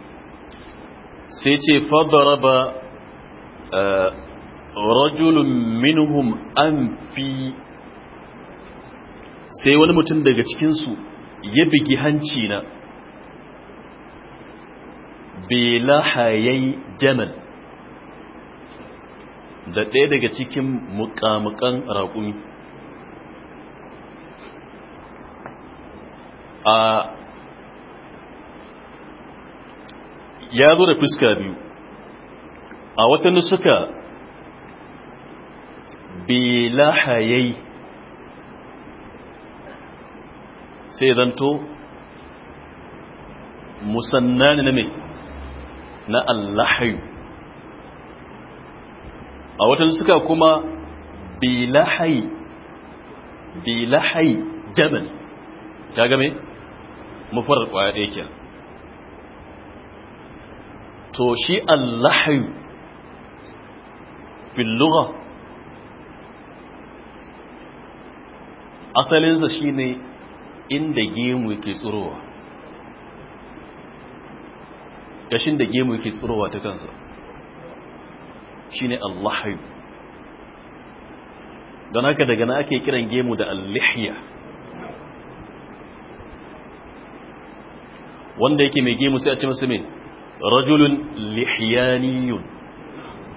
sai ce fadara ba rajulun minhum an fi sai wani mutum daga cikinsu ya bigi hanci na belahayai jamal da ɗaya daga cikin mukamukan raƙumi a ya zo da fuska biyu a wata nusuka bilahayai sai zanto musannani na mai na allahayu a watan suka kuma bilahayi bilahayi jabal ta game mufar kwaya ɗaya to shi allahayu billuwa asalinsa shi ne inda gemu yake tsirowa gashin da gemu yake tsirowa ta kansa shi ne allahayu don haka daga na ake kiran gemu da allihya wanda yake mai gemu sai a ce masu mai rajulun lihiyaniyun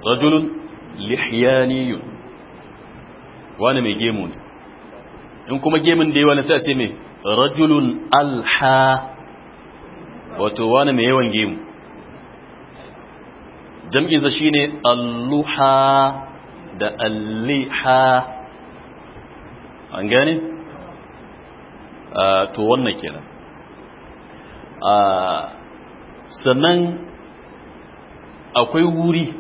rajulun lihiyaniyun wani mai gemu ne in kuma gemin da yawa na sai a ce mai rajulun alha wato wani mai yawan gemu jam'insa shi ne alluha da alliha an gane? to wannan kenan sannan akwai wuri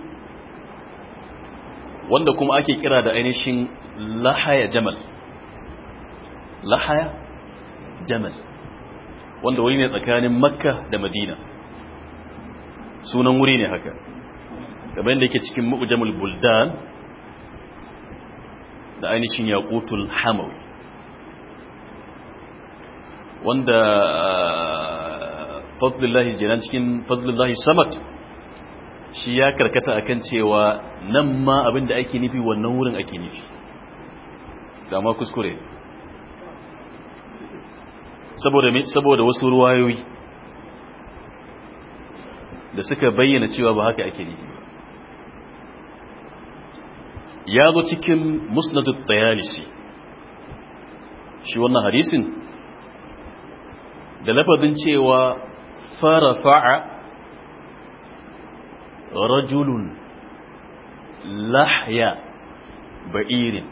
wanda kuma ake kira da ainihin lahaya jamal lahaya jamal wanda wuri ne tsakanin makka da madina sunan wuri ne haka kamar yadda yake cikin mu'jamul buldan da ainihin yaqutul hamawi wanda ah, fadlullahi jiran cikin fadlullahi samad shi ya karkata akan cewa nan ma abinda ake nufi wannan wurin ake nufi dama kuskure saboda wasu ruwayoyi da suka bayyana cewa ba haka ake nufi ya zo cikin musnadut tayalisi shi wannan hadisin da lafazin cewa farafa'a rajulun lahya ba'irin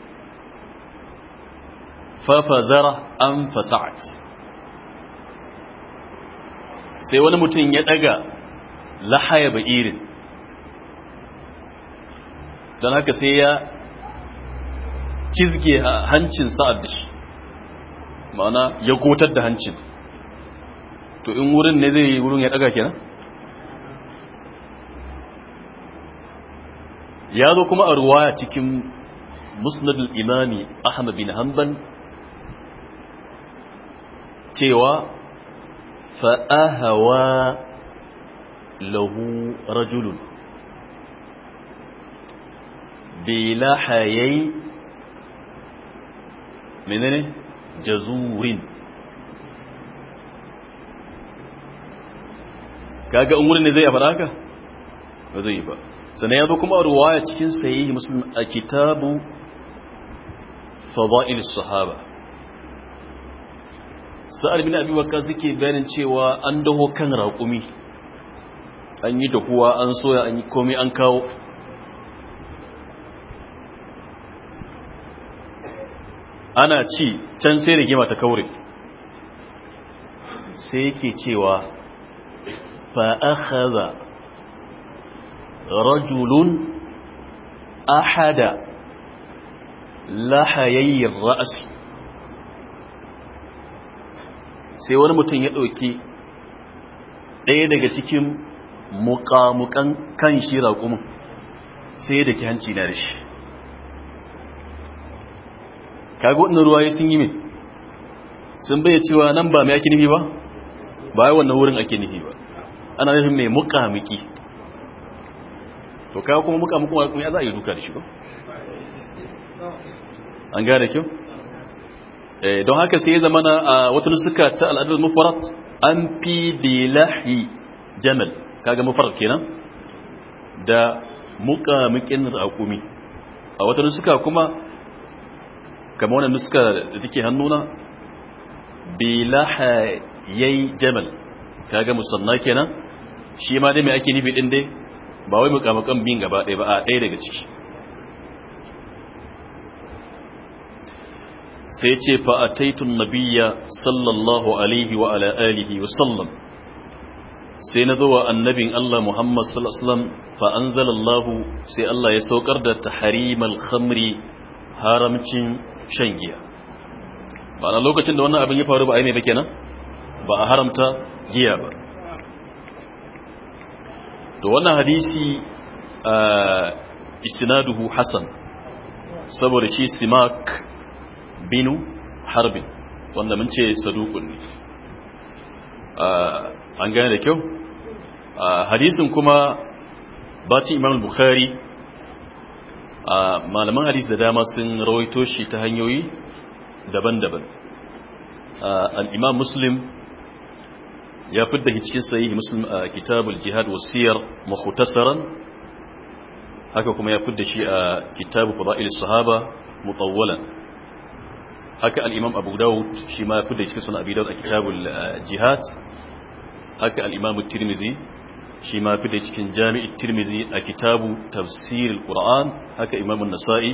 zara an fasa'at sai wani mutum ya daga lahaya ba'irin don haka sai ya cizge hancin sa'ad da shi ma'ana ya gotar da hancin to in wurin ne zai yi wurin ya daga kenan ya zo kuma a ruwaya cikin musnadul imami ahmad bin hanban cewa fa'ahawa lahu rajulun bilahayai menene jazurin kaga in ne zai yi haka ba zai ba sannan ya zo kuma a ya cikin sayi muslim a kitabu fada'il sahaba sa'ad mini abin waka suke bayanin cewa an daho kan raƙumi an yi kuwa an soya an yi komai an kawo ana ci can sai rigima ta kauri sai yake cewa fa rajulun ahada lahayayyar ra'asi sai wani mutum ya ɗauki ɗaya daga cikin muƙamuƙan kan shi raƙumin sai da ke hanci na da shi kaga ruwa ruwaye sun yi mai sun bayyana cewa nan ba mai ake nufi ba ba yi wannan wurin ake nufi ba ana nufin mai muƙamuƙi to kaga kuma muƙamuƙin waƙon ya za a yi duka da shi ba an gada kyau Eh, don haka sai ya zama na wata nusuka ta al'adar mufarat an fi bilahi jamal kaga mufarat kenan da muƙamuƙin raƙumi a wata nusuka kuma kama wannan nusuka da take hannuna bilahayyai jamal kaga musamman kenan shi ma dai mai ake nufi ɗin dai ba wai muƙamuƙan bin gaba ɗaya ba a ɗaya daga ciki sai ce fa ataitun nabiyya sallallahu alaihi wa ala'alihi wa sallam sai na zo wa annabin Allah Muhammad sallallahu alaihi wasallam fa anzalallahu sai Allah ya saukar da tahrimal khamri haramcin shan giya ba na lokacin da wannan abin ya faru ba a me ba kenan ba a haramta giya ba Da wannan hadisi ah, istinaduhu hasan saboda shi simak binu harbin wanda mun ce sadukun ne ah, an gane da kyau ah, hadisin kuma bacin imam bukhari ah, malaman hadis da dama sun rawaito shi ta hanyoyi daban-daban al'imam muslim ya fidda cikin sahihi muslim a kitabul jihad wasiyar mahutasaran haka kuma ya fidda shi a kitabu fada'il sahaba mutawwalan haka al-imam abu daud shi ma kudda cikin sunan abi daud a kitabul jihad haka al-imam tirmizi shi ma fidda cikin jami'in tirmizi a kitabu tafsirul qur'an haka imam an-nasa'i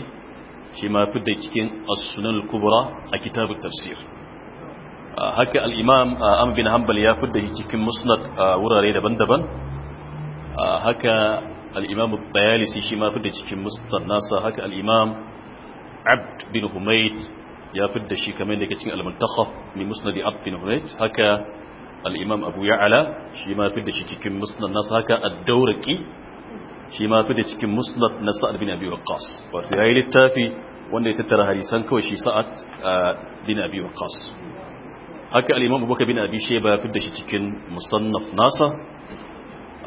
shi ma fidda cikin as-sunan al-kubra a kitabu tafsir haka al-imam am bin hanbal ya fidda cikin musnad wurare daban-daban haka al-imam bayalisi shi ma fidda cikin musnad nasa haka al-imam abd bin humayd ya fidda shi kamar da yake cikin al-muntakhaf min musnad abdin hunayt haka al-imam abu ya'ala shi ma fidda shi cikin musnad nasa haka ad-dawraqi shi ma fidda cikin musnad na sa'ad bin abi waqqas wato yayi littafi wanda ya tattara harisan kawai shi sa'ad ah, bin abi waqqas haka al-imam abubakar bin abi shayba fidda shi cikin musannaf nasa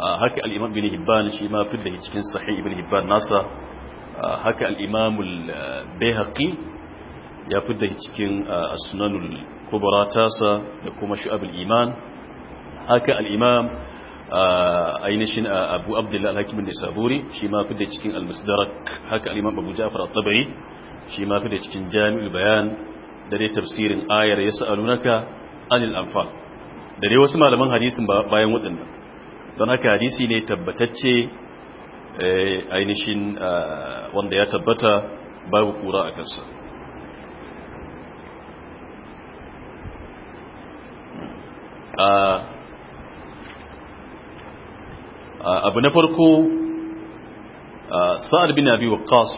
ah, haka al-imam bin hibban shi ma fidda shi cikin sahih ibn hibban nasa ah, haka al-imam al-bayhaqi ya fidda cikin uh, as-sunanul kubra tasa da kuma shu'abul iman haka al-imam uh, ainihin uh, abu abdullahi al-hakim an-nisaburi shi ma fidda cikin al-musdarak haka al-imam abu ja'far at-tabari shi ma fidda cikin jami'ul bayan da dai tafsirin ayar yas'alunaka anil anfal da dai wasu malaman hadisin bayan waɗannan don haka hadisi ne tabbatacce eh, ainihin wanda ya tabbata babu kura a kansa abu na farko sa'ad bin abi waqqas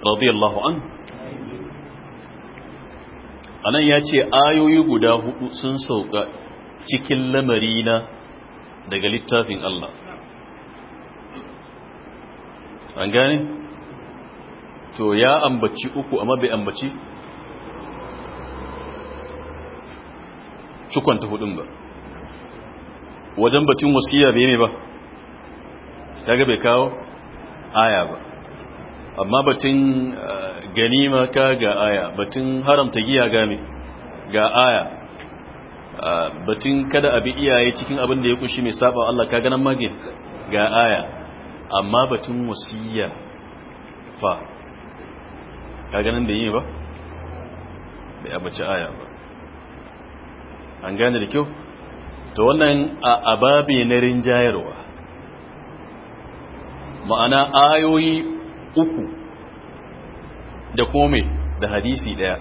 radiyallahu an anan ya ce ayoyi guda hudu sun sauka cikin lamari na daga littafin Allah an gane to ya ambaci uku amma bai ambaci cikonta hudun ba wajen batun wasiya bai ne ba ta bai kawo aya ba amma batun eh, ganima ka ga aya batun haramta giya game ga aya eh, batun kada abi iyaye cikin abin da ya kunshi mai saba Allah ka ganan mage ga aya amma batun wasiya fa ka ganin da yi ba bai abace aya ba an gane da kyau to wannan a ababe na rinjayarwa ma'ana ayoyi uku da kome da hadisi daya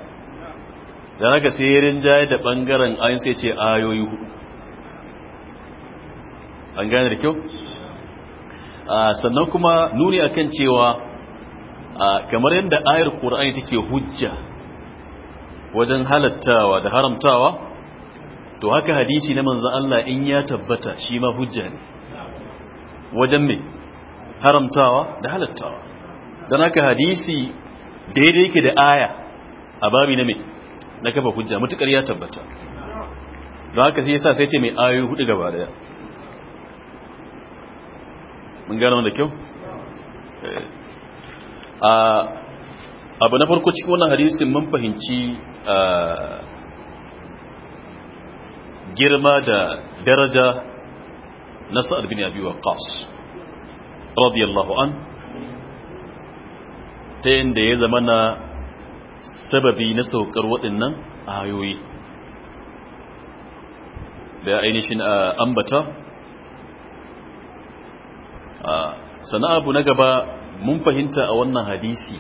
da haka sai rinjaye da bangaren ayin sai ce ayoyi hudu an gane da kyau sannan kuma nuni akan cewa kamar yadda ayar ƙura'ani take hujja wajen halattawa da haramtawa to haka hadisi na manzan Allah in ya tabbata shi ma hujja ne wajen mai haramtawa da halattawa don haka hadisi daidai yake da aya a babi na mai na kafa hujja mutukar ya tabbata don haka sai yasa sai ce mai ayoyi hudu gaba daya mun gano da kyau eh. ah, abu na farko cikin wannan hadisin mun fahimci ah, girma da daraja na sa'ad bin abi ƙas radiyallahu an ta yadda ya zama na sababi na saukar waɗannan ayoyi da ainihin ambata sana abu na gaba mun fahimta a wannan hadisi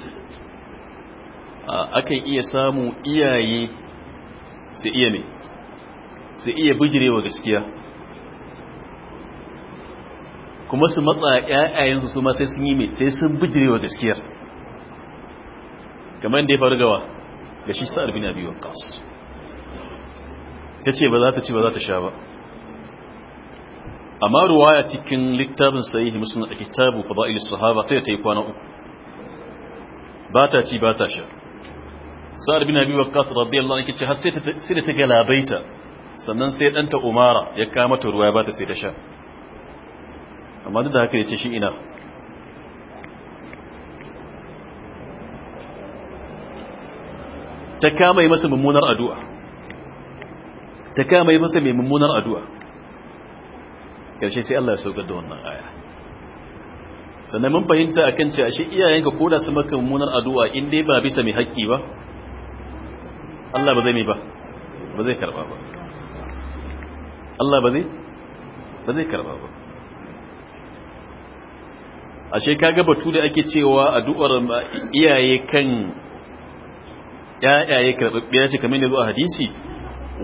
akan iya samu iyaye su iya ne su iya bijirewa gaskiya kuma su matsa ƴaƴayen su ma sai sun yi mai sai sun bijirewa gaskiyar kamar da ya faru gawa ga shi sa'ar bin abi waqas ta ce ba za ta ci ba za ta sha ba amma ruwaya cikin littafin sahihi muslim da kitabu fada'il sahaba sai ta yi kwana uku ba ta ci ba ta sha sa'ar bin abi waqas radiyallahu anhu ce har sai da ta galabaita sannan sai ɗanta umara ya kama ta ruwa ya ba ta sai ta sha amma duk da haka ya ce shi ina ta kama yi masa mummunar addu'a ta kama yi masa mai mummunar addu'a ƙarshe sai Allah ya sauƙar da wannan aya sannan mun fahimta a kan cewa shi iyayenka ko da su maka mummunar addu'a inda ba bisa mai haƙƙi ba Allah ba zai mai ba ba zai karɓa ba Allah ba zai ba zai karba ba a shekaga batu da ake cewa addu'ar iyaye kan yayaye karbabbiya ce kamar yadda a hadisi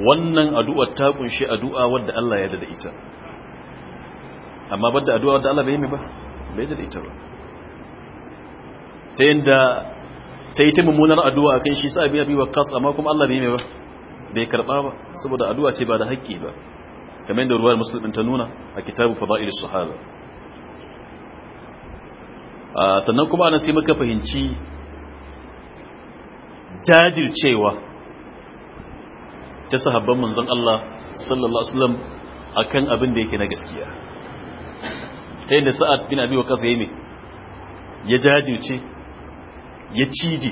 wannan addu'ar ta kunshi addu'a wadda Allah ya dada ita amma badda addu'a wadda Allah bai yi ba bai dada ita ba ta yadda ta yi ta mummunar addu'a kan shi sa abin abi wa kas amma kuma Allah bai yi ba bai karba ba saboda addu'a ce ba da haƙƙi ba kamar da ruwayar muslim ta nuna a kitabu fada'il sahaba sannan kuma ana sai muka fahimci jajircewa ta sahabban manzon Allah sallallahu alaihi wasallam akan abin da yake na gaskiya ta yadda sa'ad bin abi waqas yayi ya jajirce ya cije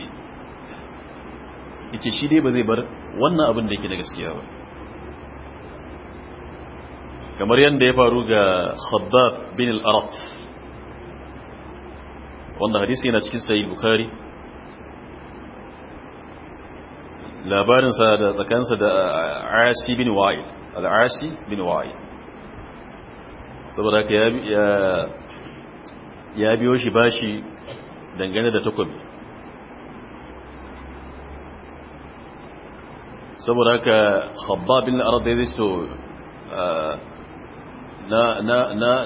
yace shi dai ba zai bar wannan abin da yake na gaskiya ba kamar yadda ya faru ga khabbab bin al-arat wannan hadisi yana cikin sahih bukhari labarinsa da tsakansa da asi bin wa'il al-asi bin wa'il saboda ka ya biyo shi bashi dangane da takobi saboda ka khabbab bin al-arat da ya zai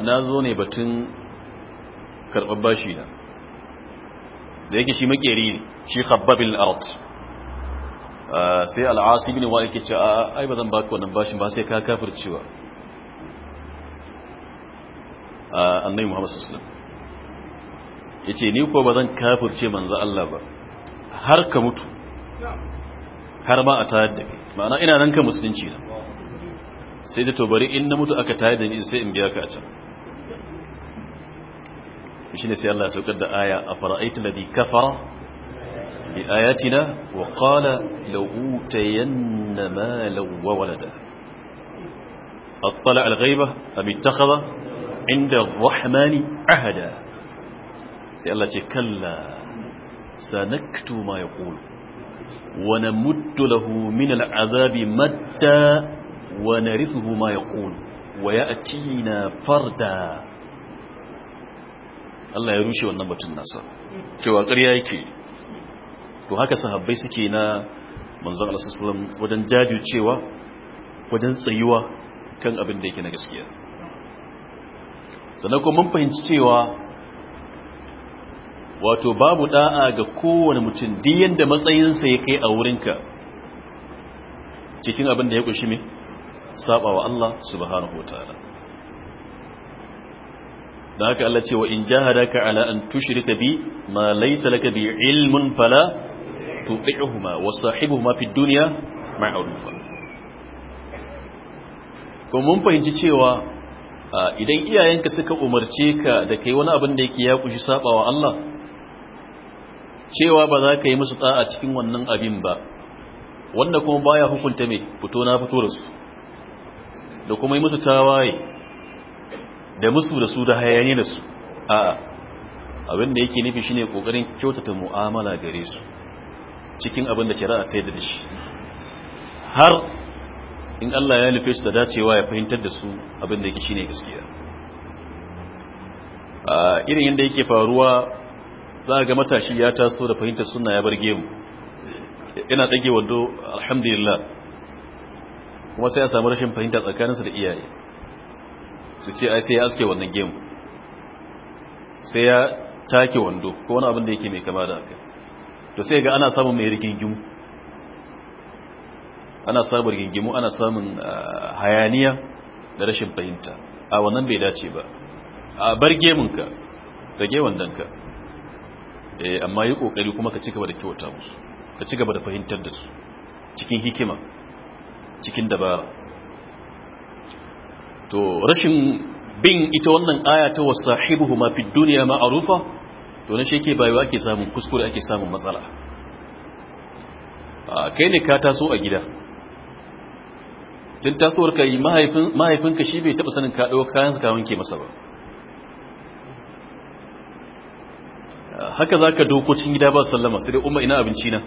na zo ne batun karɓar bashi na da yake shi makeri ne shi khabbabin art ah, sai al'asi bin wa yake ce a ai ba zan baka wannan bashin ba sai ka kafir cewa annai ah, muhammadu sussulam ya ce ni ko ba zan kafir ce manza Allah ba har ka mutu har ma a tayar da ma'ana ina nan ka musulunci na sai da tobari in na mutu aka tayar da ni sai in biya ka a can shi ne sai Allah ya saukar da aya a fara'aita ladi kafara bi ayatina wa qala tayanna ma law wa walada اطلع الغيبة أم اتخذ عند الرحمن عهدا sai Allah ce kalla sanaktu ma yaqulu wa namuddu lahu min al'azabi matta wa narithuhu ma yaqul wa ya'tina farda Allah ya rushe wannan batun nasa cewa ƙarya yake to haka sahabbai suke na manzon Allah sallallahu alaihi wasallam wajen tsayuwa kan abin da yake na gaskiya sannan kuma mun fahimci cewa wato babu da'a ga kowane mutum duk yadda matsayinsa ya kai a wurin ka cikin abin da ya ƙunshi me saba wa Allah subhanahu wataala da haka Allah ce wa in jahadaka ala an tushrika bi ma laysa laka bi ilmun fala tuṭi'huma wa sahibuhuma fid dunya ma'rufa ko mun fahimci cewa idan iyayenka suka umarce ka da kai wani abin da yake ya kushi saba wa Allah cewa ba za ka yi musu ta'a cikin wannan abin ba wanda kuma baya hukunta me fito na fito da su da kuma yi musu tawaye da musu da su da hayani da su a'a abin da yake nufi shine kokarin kyautata mu'amala gare su cikin abin da shari'a ta yarda shi har in Allah ya nufe su da dacewa ya fahimtar da su abin da yake shine gaskiya a irin yadda yake faruwa za ga matashi ya taso da fahimtar suna ya bar gemu yana dage wando alhamdulillah kuma sai a samu rashin fahimta tsakaninsu da iyaye su ce ai sai ya aske wannan gemu sai ya take wando ko wani abin da yake mai kama da haka to sai ga ana samun mai rigingimu ana samun rigingimu ana samun ah, hayaniya da rashin fahimta a wannan bai dace ba a bar gemunka da gewan danka eh, amma yi kokari kuma ka ci gaba da kyauta musu ka ci gaba da fahimtar da su cikin hikima cikin dabara to rashin bin ita wannan aya ta wasahibuhuma fid dunya ma'rufa to ne sheke baiwa ake samun kuskure ake samun matsala kai ne ka taso a gida tun tasowar kai mahaifinka shi bai taba sanin dawo kayan su wanke masa ba haka zaka ka dokocin gida ba sallama sai dai umar ina abinci na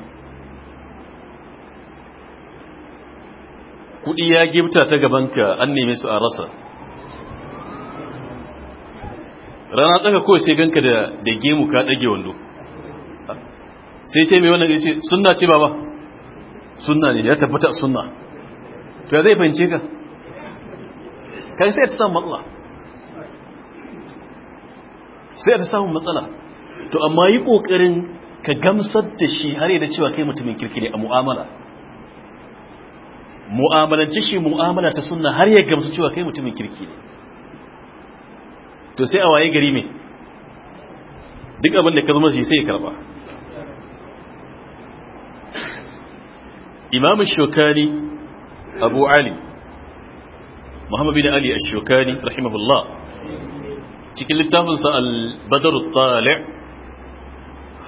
kudi ya gibta ta gabanka an neme su a rasa rana tsaka kawai sai ganka da gemu ka dage wando sai sai mai wannan ya ce sunna ce baba sunna ne ya tabbata sunna to ya zai fahimce ka kai sai ta samu matsala sai ta samu matsala to amma yi kokarin ka gamsar da shi har da cewa kai mutumin kirkire a mu'amala mu'amalanci shi mu'amala ta sunna har ya gamsu cewa kai mutumin kirki ne to sai a waye gari me duk abin da ka zama shi sai ya karba imamu shokani abu ali muhammad bin ali ash-shokani rahimahullah cikin littafinsa al-badr al-tali'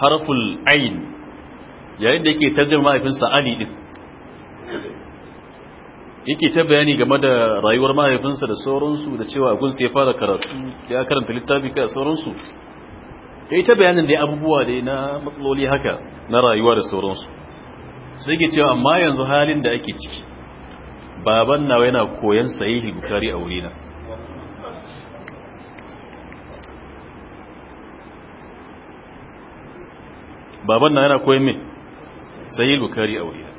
harful ayn yayin da yake tarjuma mahaifinsa ali din yake ta bayani game da rayuwar mahaifinsa da sauransu da cewa a ya fara karatu ya karanta littafi kai a sauransu ya yi ta bayanin da ya abubuwa da na matsaloli haka na rayuwa da sauransu sai ke cewa amma yanzu halin da ake ciki baban nawa yana koyan sayi bukari a wurina baban na yana koyan mai sayi bukari a wurina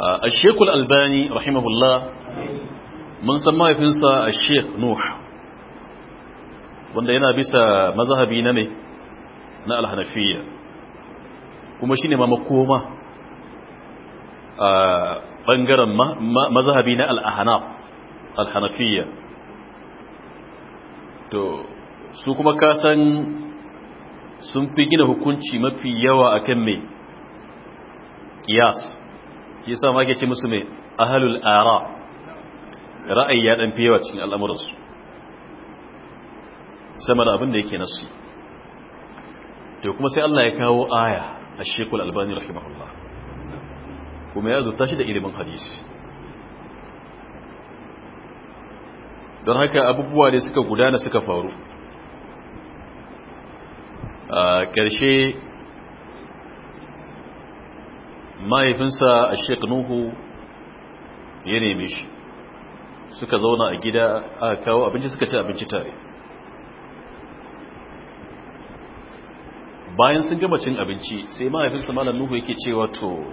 a shekul albani rahimahullah mun san mahaifinsa a shek nuh wanda yana bisa mazahabi na ne na alhanafiya kuma shi ne ma makoma a ɓangaren mazahabi na alhanafiya to su kuma kasan sun fi gina hukunci mafi yawa akan mai ƙiyas shi yasa ma ke ce musu mai ahlul ara ra'ayi ya dan fiyewa cikin al'amuransu sama da abin da yake nasu to kuma sai Allah ya kawo aya a shekul albani rahimahullah kuma ya zuta shi da ilimin hadisi don haka abubuwa ne suka gudana suka faru a ƙarshe mahaifinsa a sheik nuhu ya neme shi suka zauna a gida a kawo abinci suka ci abinci tare bayan sun gama cin abinci sai mahaifinsa malam nuhu yake cewa to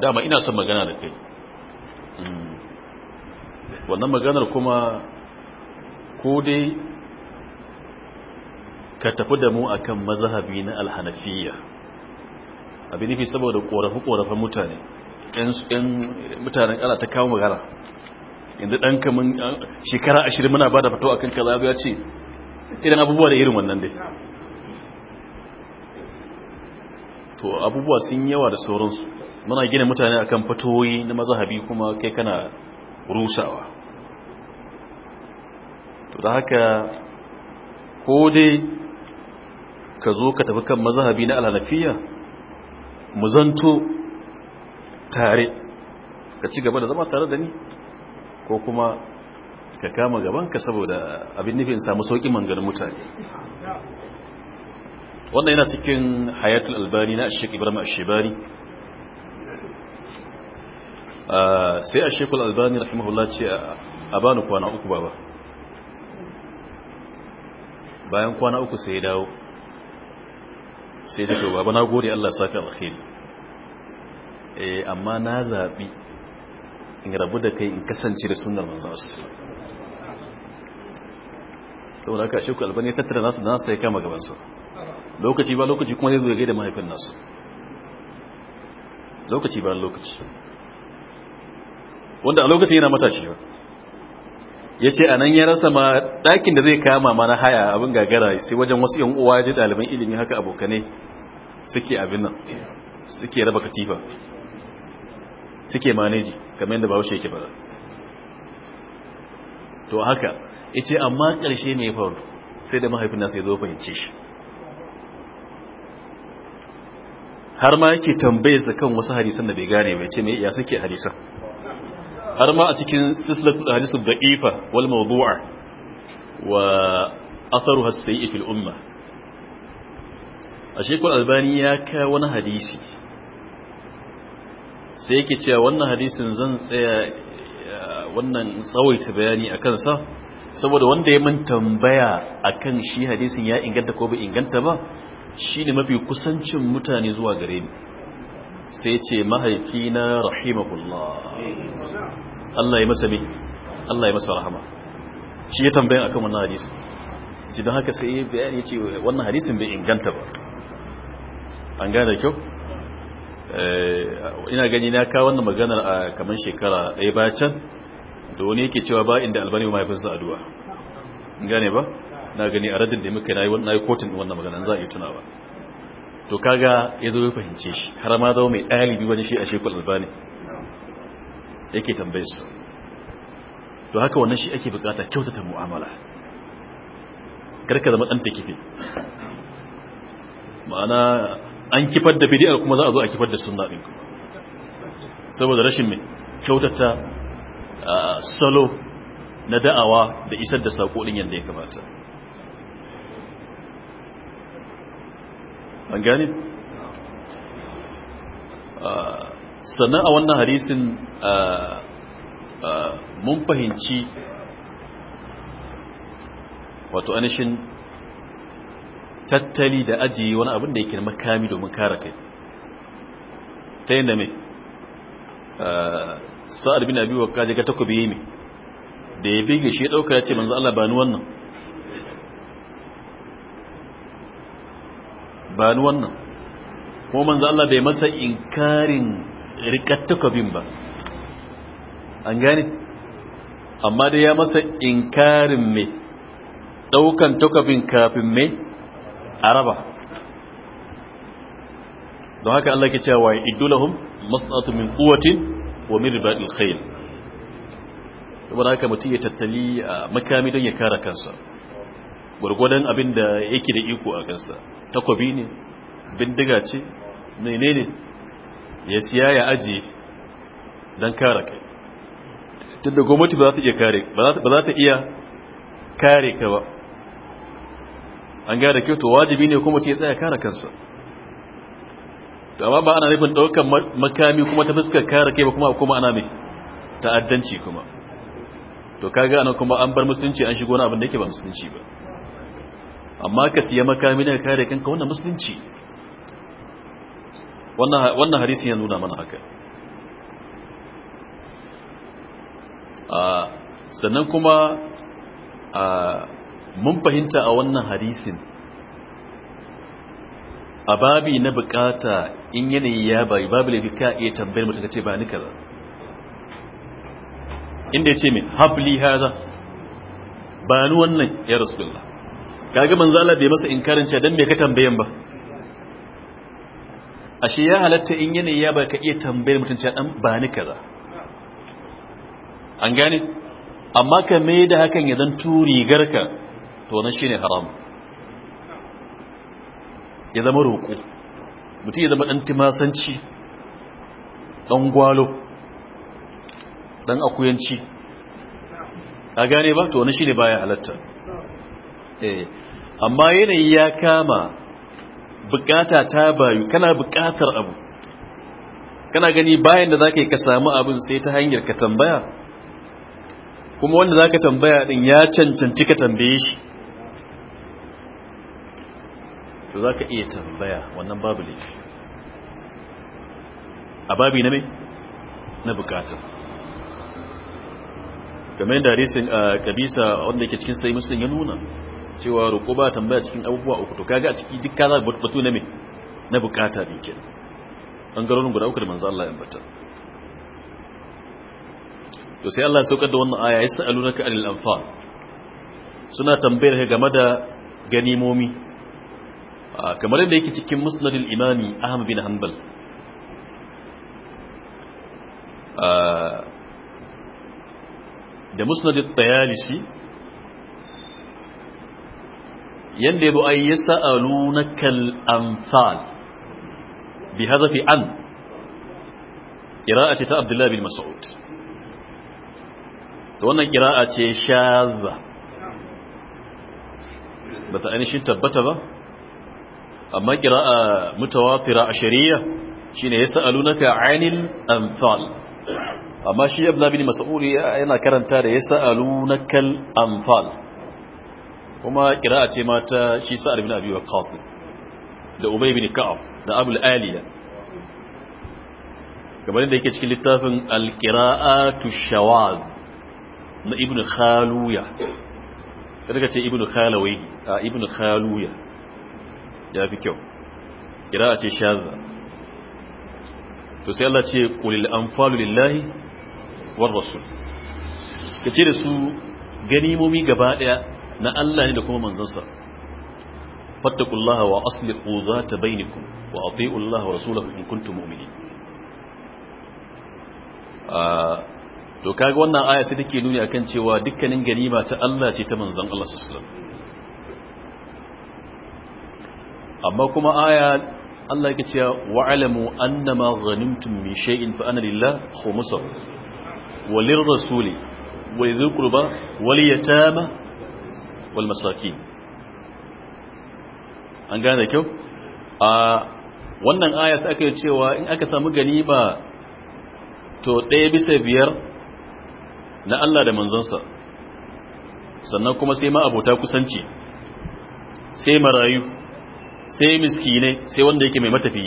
dama ina son magana da kai hmm. wannan maganar kuma ko dai ka tafi da mu akan mazhabi na alhanafiyya abin nufi saboda korafe-korafen mutane yan mutanen ala ta kawo magana inda ɗan kamun shekara ashirin muna ba da fito a kan kaza ya ce idan abubuwa da irin wannan dai to abubuwa sun yawa da sauransu muna gina mutane akan fatoyi na mazahabi kuma kai kana rusawa to da haka ko dai ka zo ka tafi kan mazahabi na alhanafiya mu zanto tare ka ci gaba da zama tare da ni ko kuma ka kama gabanka saboda abin nufin samu sauƙi manganin mutane wannan yana cikin hayatul albani na shek ibrahim ashebari ah, sai ashekul albani Allah ce a bani kwana uku ba ba. bayan kwana uku sai ya dawo sai ta to baba na gode Allah saka alkhairi eh amma na zabi in rabu da kai in kasance da sunnar manzon sallallahu alaihi wasallam to da ka albani tattara nasu da nasu sai kama gaban su lokaci ba lokaci kuma zai zo gaida mahaifin nasu lokaci ba lokaci wanda a lokacin yana matashi ba ya ce a nan ya rasa ma ɗakin da zai kama mana haya abin gagara sai wajen wasu yan uwa ji ɗaliban ilimi haka abokane suke abin nan suke raba katifa suke maneji kamar yadda bahaushe yake bada to haka ya ce amma ƙarshe mai faru sai da mahaifin nasa ya zo fahimce shi har ma yake tambaye kan wasu hadisan da bai gane bai ce mai iya suke hadisan har ma a cikin sislatu hadisu da'ifa wal mawdu'a wa atharuha sayyi fil umma a shekul albani ya kai wani hadisi sai yake cewa wannan hadisin zan tsaya eh, wannan tsawaita bayani a kansa saboda wanda ya min tambaya akan shi hadisin ya inganta ko bai inganta ba shine mafi kusancin mutane zuwa gare ni sai ce mahaifina rahimahullah Allah ya masa Allah ya masa rahama shi ya tambayin akan wannan hadisi ji don haka sai bayani ce wannan hadisin bai inganta ba an gane kyau eh, ina gani na kawo wannan maganar a kamar shekara ɗaya ba can da wani yake cewa ba inda albani mahaifinsa addu'a in gane ba na gani a radin da muka na yi kotun ɗin wannan maganar za a yi tunawa to kaga ya zo ya fahimce shi har ma zama mai ɗalibi wani shi a shekul albani yake tambaye su to haka wannan shi ake bukata kyautata mu'amala karka zama ɗan takife ma'ana an kifar da bidiyar kuma za a zo a kifar da sunna ɗin saboda rashin mai kyautata salo na da'awa da isar da saƙo ɗin yadda ya kamata an gani sannan a wannan harisin mun fahimci wato anishin tattali da ajiye wani abin da yake makami domin kare kai ta yin da mai sa'ad bin abin wa kaji ga takobi yi mai da ya bege shi ya ɗauka ya ce manzu Allah bani wannan bani wannan kuma manzu Allah bai masa inkarin rikar takobin ba an gane amma dai ya masa inkarin me daukan takabin kafin me araba don haka Allah ke cewa iddu lahum masnatu min quwwatin wa min ribatil khayl saboda haka mutum ya tattali makami don ya kare kansa gwargwadon abin da yake da iko a kansa takobi ne bindiga ce menene ya siya ya ajiye don kare kai tunda gwamnati ba za ta iya kare ba za ta iya kare ka ba an gane kyau to wajibi ne kuma ce ya tsaya kare kansa to amma ba ana nufin daukan makami kuma ta fuskar kare kai ba kuma kuma ana mai ta'addanci kuma to kaga anan kuma an bar musulunci an shigo na abin da yake ba musulunci ba amma ka siya makami ne kare kanka wannan musulunci wannan wannan hadisi ya nuna mana haka sannan kuma mun fahimta a wannan hadisin a babi na bukata in yanayi ya bayi babu laifi ka iya tambayar mutum ka ce ba ni kaza inda ya ce min habli haza ba ni wannan ya rasulullah kaga manzo Allah bai masa inkarin cewa dan me ka tambayan ba ashe ya halatta in yanayi ya ka iya tambayar mutum cewa dan ba ni kaza an gane amma ka mai da hakan ya zanto ka, to shi shine haram ya zama roƙo mutum ya zama ɗan timasanci ɗan gwalo ɗan akuyanci a gane ba to wani shi ne baya halatta eh, amma yanayi ya kama bukata ta bayu kana bukatar abu kana gani bayan da za ka yi ka samu abin sai ta hanyar ka tambaya kuma wanda zaka tambaya din ya cancanci ka tambaye shi to zaka iya tambaya wannan babu laifi a babi na me na bukata kamar da hadisin ah, kabisa wanda yake cikin sai muslim ya nuna cewa roƙo ba tambaya cikin abubuwa uku to kaga a ciki duk kaza batu na me na bukata din kenan bangarorin guda uku da manzo Allah ya ambata to sai Allah ya saukar da wannan aya yas'alunaka anil anfal suna tambayar ka game da ganimomi kamar yadda yake cikin musnad imami Ahmad bin Hanbal da musnad tayalisi yanda yabo ay yas'alunaka al-anfal bi hadafi an qira'ati ta Abdullah bin Mas'ud to wannan kira'a ce shaza ba ta ainihin tabbata ba amma kira'a mutawafira a shari'a shine yas'alunaka 'anil amfal amma shi abla bin mas'uli yana karanta da yas'alunakal amfal kuma kira'a ce mata shi sa'ar bin abi waqqas da ubay bin ka'ab da abul aliya kamar da yake cikin littafin al-qira'atu shawaz na ibn khaluya sai daga ce ibn khalawai a ibn khaluya ya fi kyau kira a ce shazza to sai Allah ce kulil anfalu lillahi war rasul ce da su ganimomi gaba daya na Allah ne da kuma manzansa fattakullaha wa aslihu zata bainakum wa atiiu Allah wa rasulahu in kuntum mu'minin ah, to kaga wannan aya sai take nuni akan cewa dukkanin ganima ta Allah ce ta manzon Allah sallallahu alaihi wasallam amma kuma aya Allah yake cewa wa'lamu annama ghanimtum min shay'in fa ana lillah khumsuh wa lirrasuli wa lidhil qurba wal yatama wal masakin an gane kyau a wannan aya sai aka cewa in aka samu ganima to ɗaya bisa biyar na Allah da manzansa sannan kuma sai ma abota kusanci sai marayu sai miskinai sai wanda yake mai matafi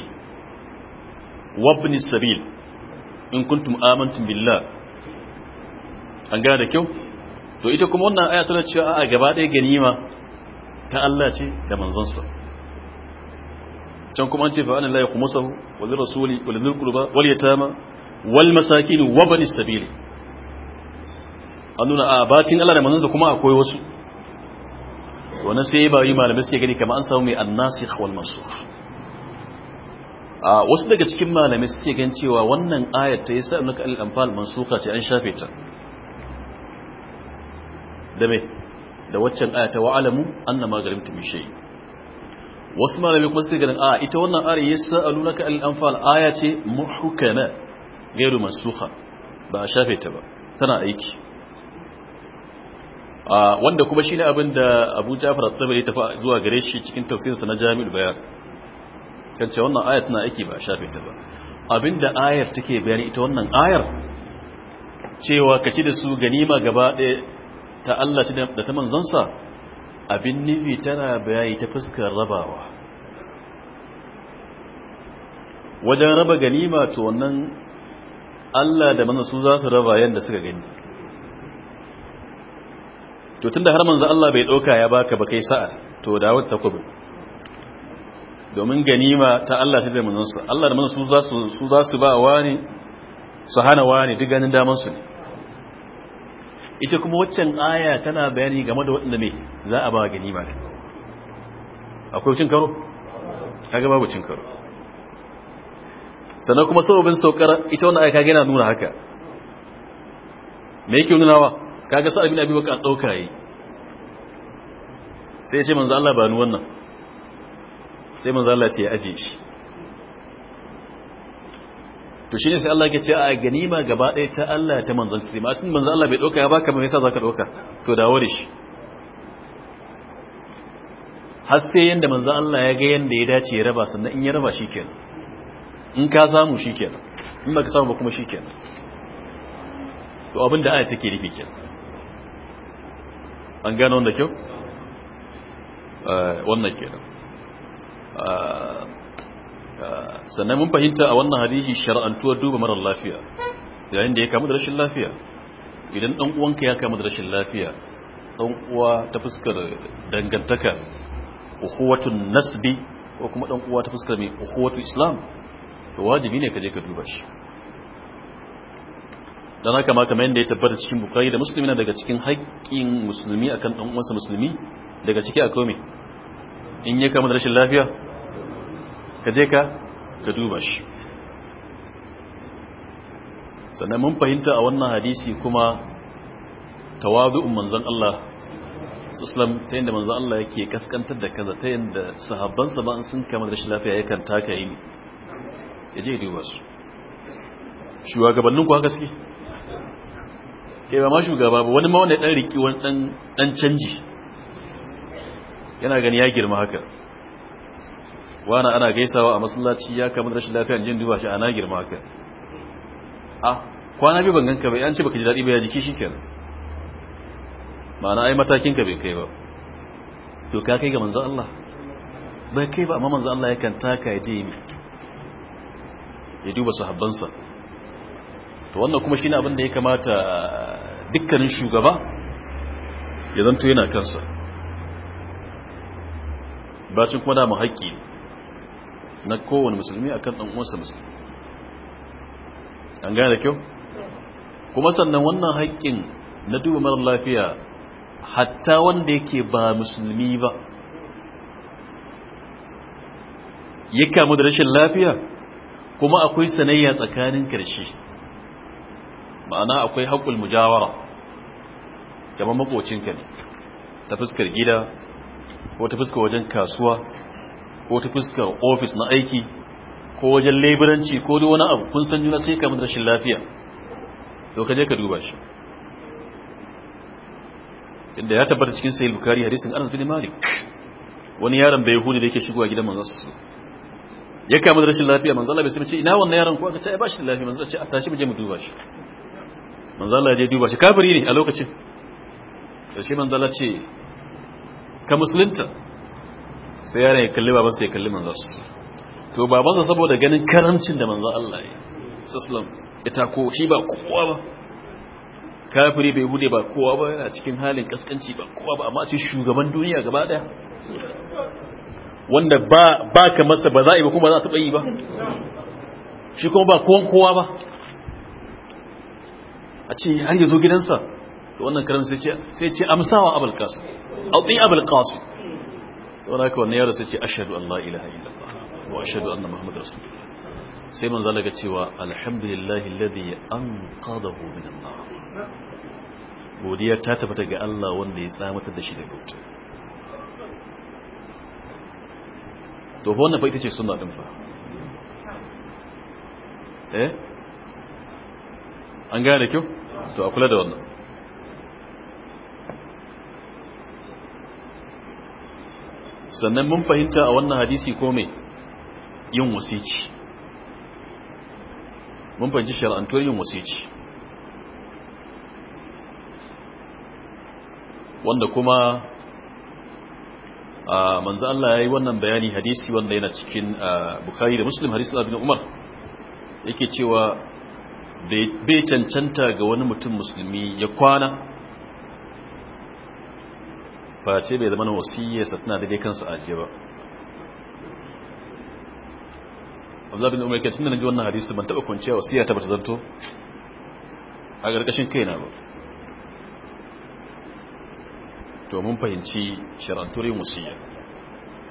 wabni sabil in kuntum amantum billah an gane da kyau to ita kuma wannan aya tana cewa a gaba ɗaya ganima ta Allah ce da manzansa. can kuma an ce fa anallahi khumusahu wa lirrasuli wa lidhil qurba wal yatama wal masakin wa bani sabil an nuna a bacin Allah da manzansa kuma akwai wasu to na sai ba yi malamai suke gani kamar an samu mai annasikh wal mansukh a wasu daga cikin malamai suke gan cewa wannan ayat ta yasa annaka al anfal mansukha ce an shafe ta da me da waccan ayat ta wa'alamu annama garimtum min shay wasu malamai kuma suke ganin a ita wannan ayat yasa annaka al anfal aya ce muhkama gairu mansukha ba a shafe ta ba tana aiki Ah, wanda kuma shi ne abin da Abu Ja'far at-Tabari ta fa zuwa gare shi cikin tafsirinsa na Jami'ul Bayan kan ce wannan ayar tana aiki ba a shafe ta ba Abin da ayar take bayani ita wannan ayar cewa ka ci da su ganima gaba ɗaya ta Allah ci da ta manzansa abin nufi tana bayani ta fuskar rabawa wajen raba ganima to wannan Allah da manzansu za su raba yadda suka gani to tunda har manzo Allah bai ɗauka ya baka ba kai sa'a to dawo kubu domin ganima ta Allah ta zai manzonsa Allah da manzo su za su su za su ba wani su hana wani duk ganin daman su ne ita kuma waccan aya tana bayani game da waɗanda mai za a ba ganima ne akwai cin karo kaga babu cin karo sannan kuma sababin saukar ita wannan aya kage yana nuna haka me yake nunawa kaga sa'ad bin abi waqas dauka yi sai ya ce manzo Allah ba ni wannan sai manzo Allah ce ya aje shi to shine sai Allah ya ce a ganima gaba ɗaya ta Allah ta manzon sai ma tun manzo Allah bai dauka ya baka ba me yasa zaka dauka to dawo da shi har sai yanda manzo Allah ya ga yanda ya dace ya raba sannan in ya raba shikenan in ka samu shikenan in baka samu ba kuma shikenan to abin da aya take nufi kenan an gano wanda kyau eh, wannan ke kenan eh, eh, sannan mun fahimta a wannan hadisi shara'antuwa duba marar lafiya yayin da ya kamu da rashin lafiya idan dan uwanka ya kamu da rashin lafiya dan uwa ta fuskar dangantaka uhuwatun nasbi ko kuma dan uwa ta fuskar mai uhuwatun islam to wajibi ne ka je ka duba shi don haka ma kamar yadda ya tabbata cikin bukari da musulmi na daga cikin haƙƙin musulmi akan ɗan uwansa musulmi daga ciki a me in ya kama da rashin lafiya ka je ka ka duba shi sannan mun fahimta a wannan hadisi kuma tawadu'un manzon Allah sallam ta yadda manzan Allah yake kaskantar da kaza ta yadda sahabbansa ba sun kama da rashin lafiya yakan taka yi ne ya je duba su shugabannin ku haka suke ke eh, ba ma shugaba ba wani ma wanda dan riki wani dan dan canji yana gani ya girma haka wani ana gaisawa a masallaci ya kama rashin lafiya jin duba shi ana girma haka a ah, kwana biyu ban ganka ba an ce baka ji daɗi ba ya jiki shikenan ma'ana ai matakin ka bai kai ba to ka kai ga manzo Allah bai kai ba amma manzo Allah yakan taka ya je ya duba sahabbansa to wannan kuma shine abin da ya kamata dukkanin shugaba ya zanto yana kansa bacin kuma dama haƙƙi na kowane musulmi akan ɗan uwansa musulmi an gane da kyau kuma sannan wannan haƙƙin na duba marar lafiya hatta wanda yake ba musulmi ba ya kamu da rashin lafiya kuma akwai sanayya tsakanin ƙarshe ma'ana akwai haƙul mujawara kamar makocinka ne ta fuskar gida ko ta fuskar wajen kasuwa ko ta fuskar ofis na aiki ko wajen leburanci ko duk wani abu kun san juna sai kamar rashin lafiya to ka je ka duba shi inda ya tabbata cikin sahih bukhari hadisin anas bin malik wani yaron bai hudu da yake shigowa gidan manzo sa ya kama da rashin lafiya manzo Allah bai sai ce ina wannan yaron ko aka ce ai ba shi lafiya manzo ce a tashi mu je mu duba shi manzala je duba shi kafiri ne a lokacin da shi manzala ce ka musulunta sai yaron ya kalli babansa ya kalli manzala su to babansa saboda ganin karamcin da manzan Allah ya sallam. ita ko shi ba kowa ba kafiri bai bude ba kowa ba yana cikin halin kaskanci ba kowa ba amma ce shugaban duniya gaba daya wanda ba ka masa ba za a yi ba kuma za a taɓa yi ba shi kuma ba kowa ba a ce an yi zo gidansa da wannan karam sai ce amsawa abul qasim auti abul qasim saboda haka wannan yaro sai ce ashadu Allah la ilaha illallah wa ashadu anna muhammadar rasulullah sai manzo zalaga cewa alhamdulillahi an anqadahu min an-nar godiya ta tabbata ga Allah wanda ya tsamata da shi da bauta. to wannan fa ita ce sunna din fa eh an gane kyau to a kula da wannan sannan mun fahimta a wannan hadisi ko mai yin wasici mun fahimci shar'antuwar yin wasici wanda kuma a manzo Allah ya yi wannan bayani hadisi wanda yana cikin Bukhari da Muslim hadisi Ibn Umar yake cewa bai cancanta ga wani mutum musulmi ya kwana Ba ce bai zama na wasiyyarsa tana daidai kansa ajiye ba abdullahi bin umar kacin da na ji wannan hadisi ban taɓa kwanciya wasiyya ta bata zanto a ƙarƙashin na ba to mun fahimci sharanturin wasiyya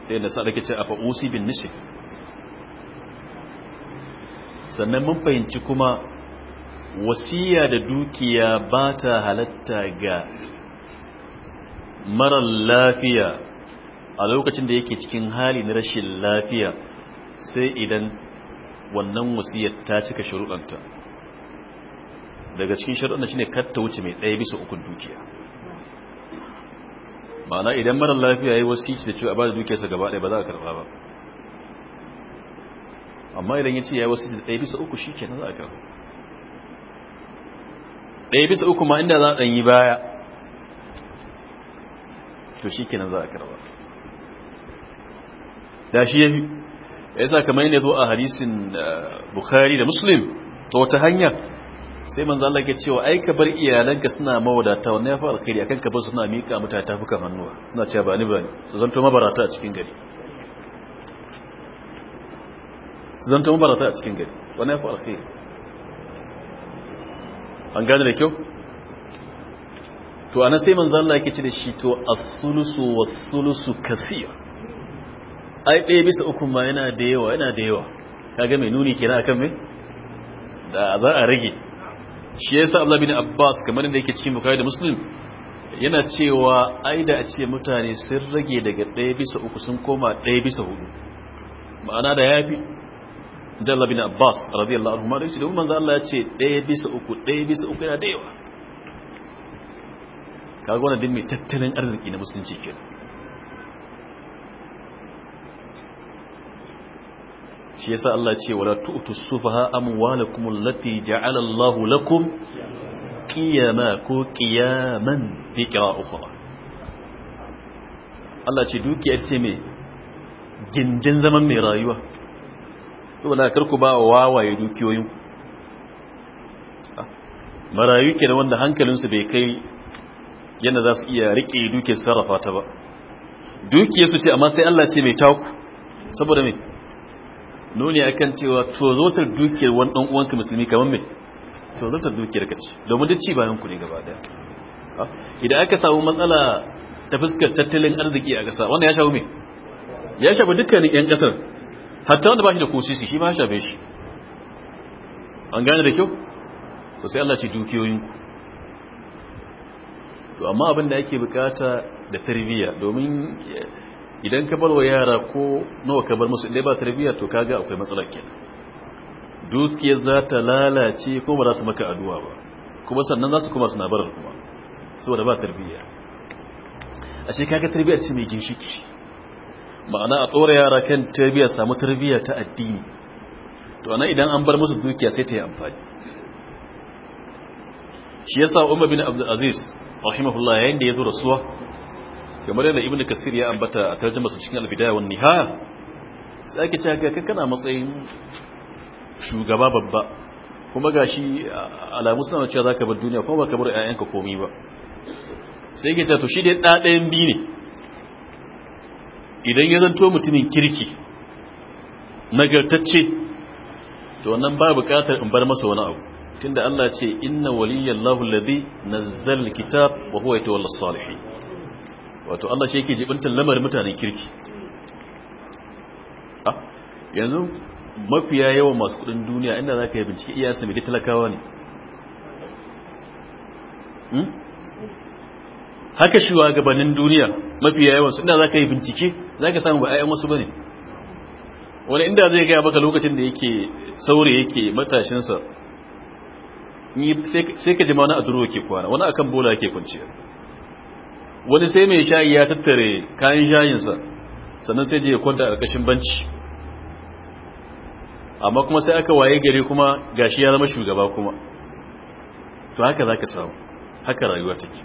ɗaya da sa'adake ce a fa'usi bin nisif sannan mun fahimci kuma wasiya da dukiya ba ta halatta ga marar lafiya a lokacin da yake cikin hali na rashin lafiya sai idan wannan wasiyar ta cika sharuɗanta daga cikin sharuɗanta shine katta wuce mai ɗaya bisa ukun dukiya ma'ana idan marar lafiya ya yi wasici da cewa ba da dukiyarsa gaba ɗaya ba za a karɓa ba amma idan ya ce ya yi wasici da ɗaya bisa uku shi ke na za a karɓa ɗaya bisa uku ma inda za a ɗanyi baya to shi kenan za a karba da shi ya fi yasa kamar yadda zo a hadisin eh, bukhari da muslim ta wata hanya sai za a ke cewa ai ka bar iyalanka suna mawadata wani ya fi alkhairi akan ka bar suna mika mutane tafukan hannuwa suna cewa ba ni ba ni su zanto mabarata a cikin gari su zanto mabarata a cikin gari wani ya fi alkhairi an gane da kyau to ana sai manzo Allah yake ce da shi to as-sulusu was-sulusu kaseer ai ɗaya bisa uku ma yana da yawa yana da yawa kaga mai nuni kenan akan me da za a rage shi yasa Abdullah bin Abbas kamar yadda yake cikin Bukhari da Muslim yana cewa ai da a ce mutane sun rage daga ɗaya bisa uku sun koma ɗaya bisa hudu ma'ana da yafi jalla bin abbas radiyallahu anhu ma da yace domin manzo Allah ya ce ɗaya bisa uku ɗaya bisa uku yana da yawa kaga wannan din mai tattalin arziki na musulunci kenan shi yasa Allah ya ce wala tu'tu sufaha amwalakum allati ja'ala Allahu lakum qiyama ku qiyaman bi qira'a ukhra Allah ce dukiya ce me gindin zaman mai rayuwa to kar ku ba wawaye dukiyoyin marayu ke da wanda hankalinsu bai kai yana za su iya riƙe dukiyar sarrafa ta ba dukiyar su ce amma sai Allah ce mai taku saboda mai nuni akan cewa tozotar dukiyar wani ɗan uwanka musulmi kamar mai tozotar dukiyar ka ce domin duk ci bayan ku ne gaba daya idan aka samu matsala ta fuskar tattalin arziki a ƙasa wannan ya shafi me ya shafi dukkanin 'yan ƙasar hatta wanda ba shi da kusisi shi shi shafe shi an gane da kyau to sai Allah ce dukiyoyinku to amma abin da ake bukata da tarbiyya domin idan ka bar wa yara ko nawa ka bar musu ba tarbiyya to kaga akwai matsala kenan dukiya za ta lalace ko ba za su maka addu'a ba kuma sannan za su kuma suna barar kuma saboda ba tarbiyya ashe kaga tarbiyya ce mai ginshiki ma'ana a tsora yara kan tarbiyyar samu tarbiyya ta addini to anan idan an bar musu dukiya sai ta yi amfani shi yasa umar bin abdul aziz rahimahullah yayin da ya zo rasuwa kamar yadda ibnu kasir ya ambata a tarjuma masu cikin alfidaya bidaya Ha, nihaya sai ake cewa ga kana matsayin shugaba babba kuma gashi alamu suna cewa zaka bar duniya kuma ba ka bar ƴaƴanka komai ba sai ke ta to shi dai da biyu ne idan ya zanto mutumin kirki nagartacce to wannan ba buƙatar in bar masa wani abu tunda Allah ce inna waliyallahu alladhi nazzal kitab wa huwa yatawalla salihin wato Allah shi yake jibintar lamarin mutanen kirki ah, yanzu mafiya yawan masu kudin duniya inda za ka yi bincike iya sami da talakawa ne hmm? haka shi wa gabanin duniya mafiya yawan su inda za ka yi bincike za ka samu ba 'ya'yan wasu ba ne wani inda zai gaya baka lokacin da yake saurin yake matashinsa sai ka jima wani a ke kwana wani akan bola ke kwanciya wani sai mai shayi ya tattare kayan shayinsa sannan sai je ya kwanta a ƙarƙashin banci amma kuma sai aka waye gari kuma gashi ya zama shugaba kuma to haka za ka samu haka rayuwa take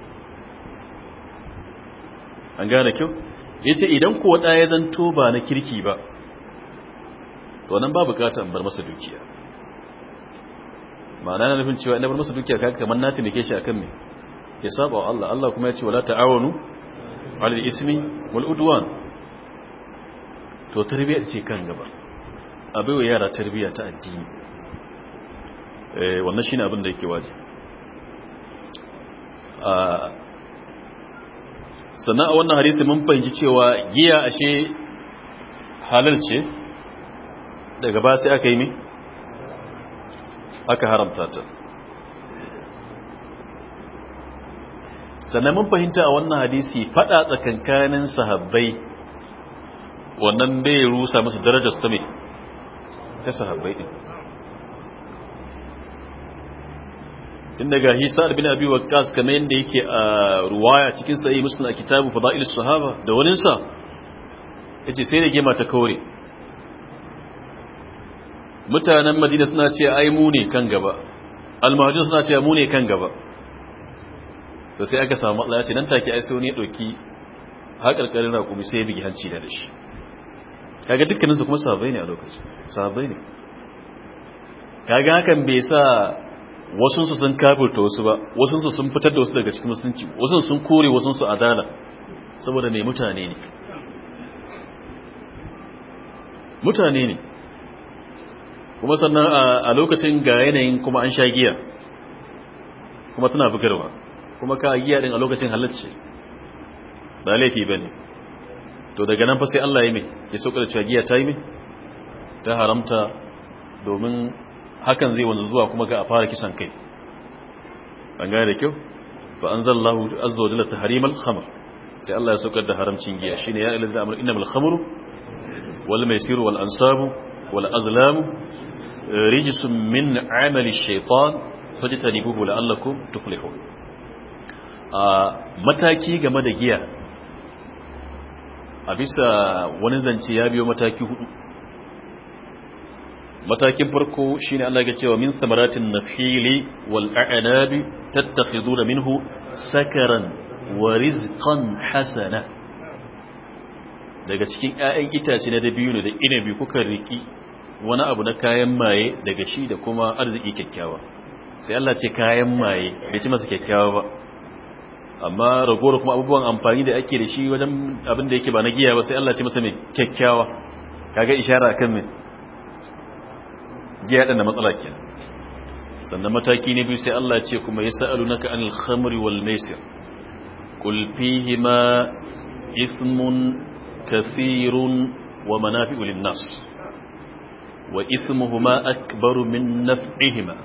an gane kyau ya ce idan ko ɗaya ya zanto ba na kirki ba to nan ba bukata bar masa dukiya ma'ana na nufin cewa ina bar masa dukiya kaka kamar na tilike shi akan me ya saba wa Allah Allah kuma ya ce wala ta'awanu alal ismi wal udwan to tarbiyya ce kan gaba abai wa yara tarbiyya ta addini eh wannan shine abin da yake waje sannan a wannan hadisi mun fahimci cewa giya ashe halal ce daga ba sai aka yi mi aka haramta ta sannan mun fahimta a wannan hadisi fada tsakankanin sahabbai wannan bai rusa musu darajar su ta sahabbai din inda ga hisa bin abi waqqas kamar yadda yake a ruwaya cikin sa'i muslim a kitabu fadail sahaba da wani sa yace sai da gema ta kaure mutanen madina suna ce ai mu ne kan gaba almahajin suna ce mu ne kan gaba da sai aka samu matsala ce nan take ai sai wani ya har haƙarƙarin rakumi sai ya bigi hanci da shi kaga dukkaninsu kuma sahabbai ne a lokacin sahabbai ne kaga hakan bai sa wasunsu sun kafirta wasu ba wasunsu sun fitar da wasu daga cikin musulunci wasun sun kore wasunsu adala saboda mai mutane ne mutane ne kuma sannan a lokacin ga yanayin kuma an sha giya kuma tana bugarwa kuma ka giya din a lokacin halacce ba laifi ba ne to daga nan fa sai Allah ya mai ya sauka da cewa giya ta yi mai ta haramta domin hakan zai wanzu zuwa kuma ga a fara kisan kai an gane da kyau fa anzalallahu azza wa jalla tahrimal khamr sai Allah ya saukar da haramcin giya shine ya ilaza amr innamal khamru wal maisiru wal ansabu wal azlamu rijsun min amali shaytan fajtanibuhu la'allakum tuflihun a mataki game da giya a bisa wani zance ya biyo mataki hudu matakin farko shine Allah ya cewa min samaratin nakhili wal a'nabi tattakhiduna minhu sakaran wa rizqan hasana daga cikin ƴaƴan itace na dabino da inabi kuka riki wani abu na kayan maye daga shi da kuma arziki kyakkyawa sai Allah ce kayan maye bai ci masa kyakkyawa ba amma ragowar kuma abubuwan amfani da ake da shi wajen abin da yake ba na giya ba sai Allah ce masa mai kyakkyawa kaga ishara kan mai giya da matsala kenan sannan mataki na biyu sai Allah ce kuma yas'alunaka anil alhamri wal maisir qul fihima ithmun kathirun wa manafi'u lin nas wa ithmuhuma akbaru min naf'ihima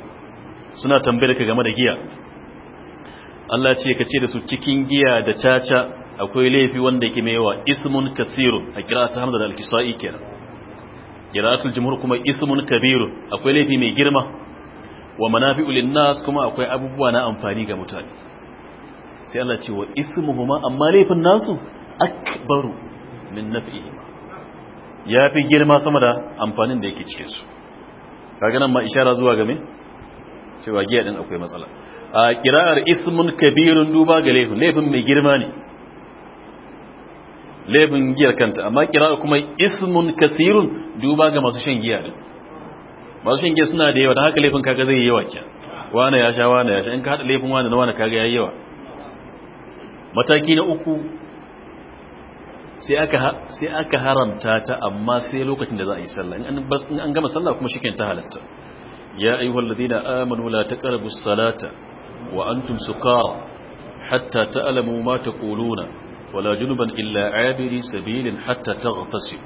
suna tambayar ka game da giya Allah ce ka ce da su cikin giya da caca akwai laifi wanda ke mai yawa ismun kasirun a kira ta hamza da alkisa'i kenan qira'atul jumhur kuma ismun kabirun akwai laifi mai girma wa manafi'u linnas kuma akwai abubuwa na amfani ga mutane sai Allah ce wa ismuhuma amma laifin nasu akbaru min naf'ihima yafi girma sama da amfanin da yake cikin su kaga nan ma ishara zuwa ga me cewa giya din akwai matsala a kira'ar ismun kabirun duba ga laifin laifin mai girma ne laifin giyar kanta amma kira kuma ismun kasirun duba ga masu shan giya din masu shan giya suna da yawa da haka laifin kaga zai yawa ke wane ya sha wane ya sha in ka hada laifin wane na wane kaga yayi yawa mataki na uku sai aka sai aka haramta ta amma sai lokacin da za a yi sallah in an gama sallah kuma shiken ta halatta ya ayyuhal ladina amanu la taqrabus salata wa antum sukara hatta ta'lamu ma taquluna ولا جنبا إلا عابر سبيل حتى تغتسل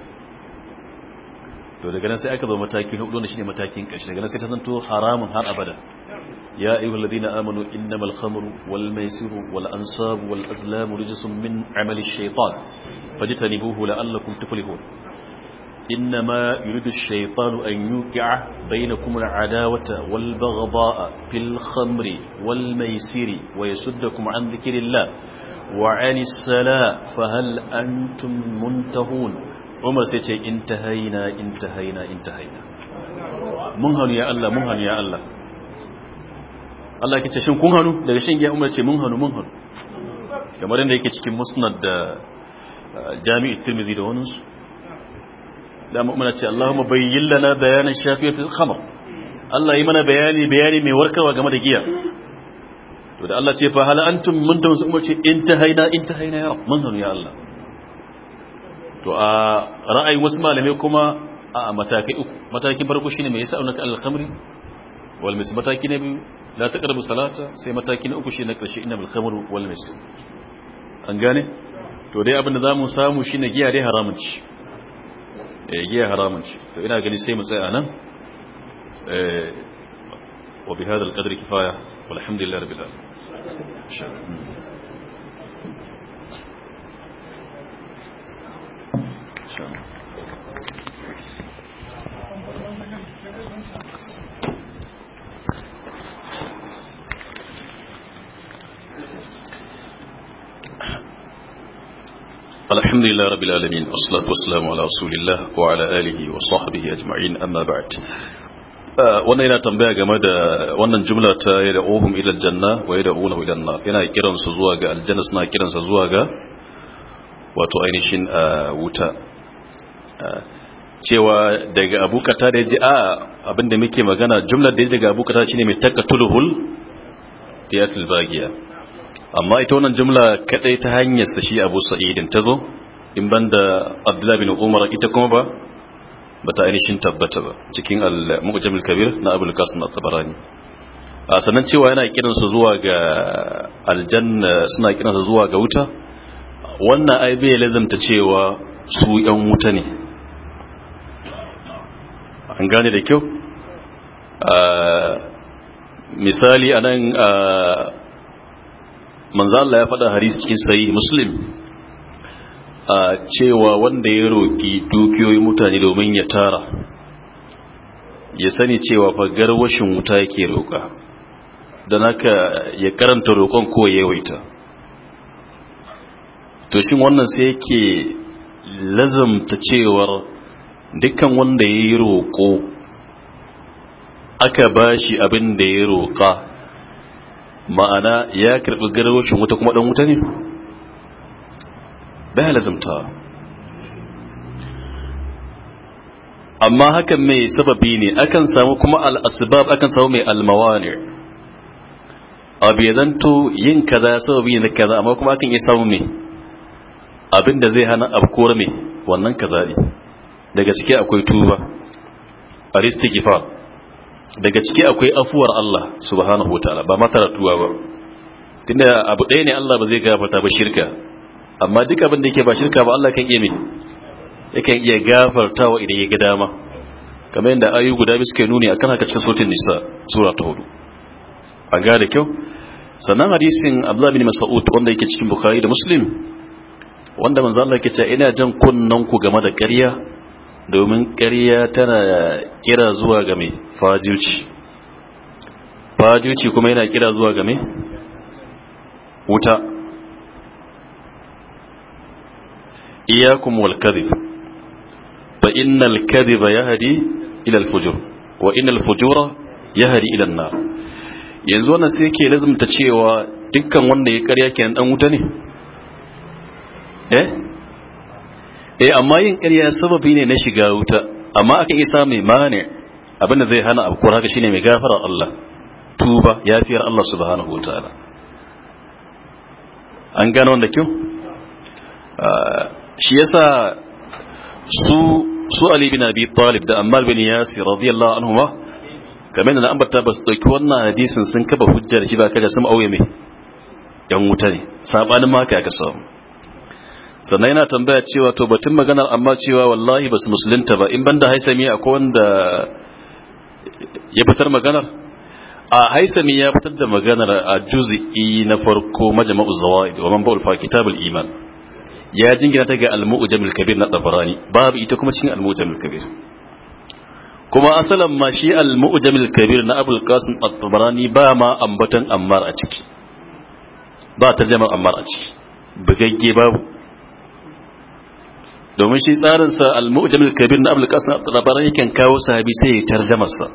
to daga nan sai aka zo mataki na hudu ne shine matakin kashi daga nan sai ta zanto haramun har abada ya ayu alladhina amanu innamal khamru wal maisiru wal ansabu wal azlamu rijsun min amali shaytan fajtanibuhu la'allakum tuflihun yuridu an yuqi'a bainakum al adawata wal baghdha'a fil khamri wal maisiri wa yasuddakum an dhikrillah وعن السلاء فهل أنتم منتهون عمر سيتي انتهينا انتهينا انتهينا منهن يا الله منهن يا الله Allah ke ce shin kun hannu daga shin giya umar ce mun hannu mun hannu kamar yadda yake cikin musnad da jami'i tirmizi da wani su da mu'mina ce Allahumma bayyin lana bayanan shafiyar khamr Allah yi mana bayani bayani mai warkarwa game da giya to da Allah ce fa hal antum muntahu sun ce intahaina intahaina ya rab mun ya Allah to a ra'ayi wasu malamai kuma a matakai uku matakin farko shine mai yasa annaka al-khamri wal mis mataki na biyu la taqrabu salata sai mataki na uku shine karshe inna bil khamru wal mis an gane to dai abin da zamu samu shine giya dai haramun ci eh giya haramun ci to ina gani sai mu tsaya nan eh wa bi hadha al-qadri kifaya walhamdulillahi rabbil alamin الحمد لله رب العالمين والصلاة والسلام على رسول الله وعلى آله وصحبه أجمعين أما بعد Eh, wannan yana tambaya game da wannan jumla ta ya da ohun ilal janna wa ya da ohun ilal na yana kiransa zuwa ga aljanna suna kiransa zuwa ga wato ainihin eh, wuta eh, cewa daga abu da ya ji a abinda muke magana jumlar da ya daga abu shine mai taka tuluhul tiyatul bagiya amma ita wannan jumla kadai ta hanyar sa shi abu sa'idin ta zo in banda abdullahi bin umar ita kuma ba bata ainihin tabbata ba cikin al mujamil kabir na abul qasim at-tabarani a sanan cewa yana kiransa zuwa ga aljanna suna kiransa zuwa ga wuta wannan ai bai lazanta cewa su yan wuta ne an gane da kyau misali anan manzo Allah ya faɗa hadisi cikin sahih muslim a cewa wanda ya roƙi dukiyoyin mutane domin ya tara ya sani cewa fagar washin wuta yake roƙa don haka ya karanta roƙon ko yawaita to shin wannan sai yake lazamta cewar dukkan wanda ya yi roƙo aka ba shi abin da ya roƙa ma'ana ya karɓi garwashin wuta kuma ɗan wuta ne? baya lazamta amma hakan mai sababi ne akan samu kuma al'asibab akan samu mai almawani abu ya zanto yin kaza sababi na kaza amma kuma akan iya samu mai abinda zai hana abkuwar mai wannan kaza ne daga ciki akwai tuba a ristikifar daga ciki akwai afuwar Allah subhanahu wa ta'ala ba matara tuwa ba tunda abu ɗaya ne Allah ba zai gafarta ba shirka amma duk abin da yake ba shirka ba Allah kan iya me yakan iya gafartawa idan ya ga dama kamar yadda ayu guda biyu suke nuni akan haka cikin sautin nisa sura ta hudu ga da kyau sannan hadisin abdullahi bin mas'ud wanda yake cikin bukhari da muslim wanda manzo Allah yake cewa ina jan kunnan ku game da ƙarya domin ƙarya tana kira zuwa ga me fajiuci kuma yana kira zuwa ga me wuta iyyakum wal kadhib fa innal kadhiba yahdi ila al fujur wa innal fujura yahdi ila yanzu wannan sai yake lazumta cewa dukkan wanda ya karya kenan dan wuta ne eh eh amma yin karya sababi ne na shiga wuta amma aka isa mai mane abinda zai hana abkuwar haka shine mai gafara Allah tuba yafiyar Allah subhanahu wataala an gano wanda kyau ah, shi yasa su su Ali bin Abi Talib da Ammar bin Yasir radiyallahu anhuma kamar da na ambata ba su dauki wannan hadisin sun kaba hujjar shi ba kaga sun auye me. yan wuta ne sabanin ma ka kaso. sannan yana tambaya cewa to batun maganar amma cewa wallahi ba su musulunta ba in banda haisami akwai wanda ya fitar maganar a haisami ya fitar da maganar a juzii na farko majma'u zawaid wa man ba'ul fa kitabul iman ya jingina ta ga al-mu'jamil kabir na tabarani babu ita kuma cikin al-mu'jamil kabir kuma asalan ma shi al-mu'jamil kabir na abul qasim at-tabarani ba ma ambatan ammar a ciki ba tarjamar ammar a ciki bugagge babu domin shi tsarin sa al kabir na abul qasim at-tabarani kan kawo sahabi sai ya tarjama sa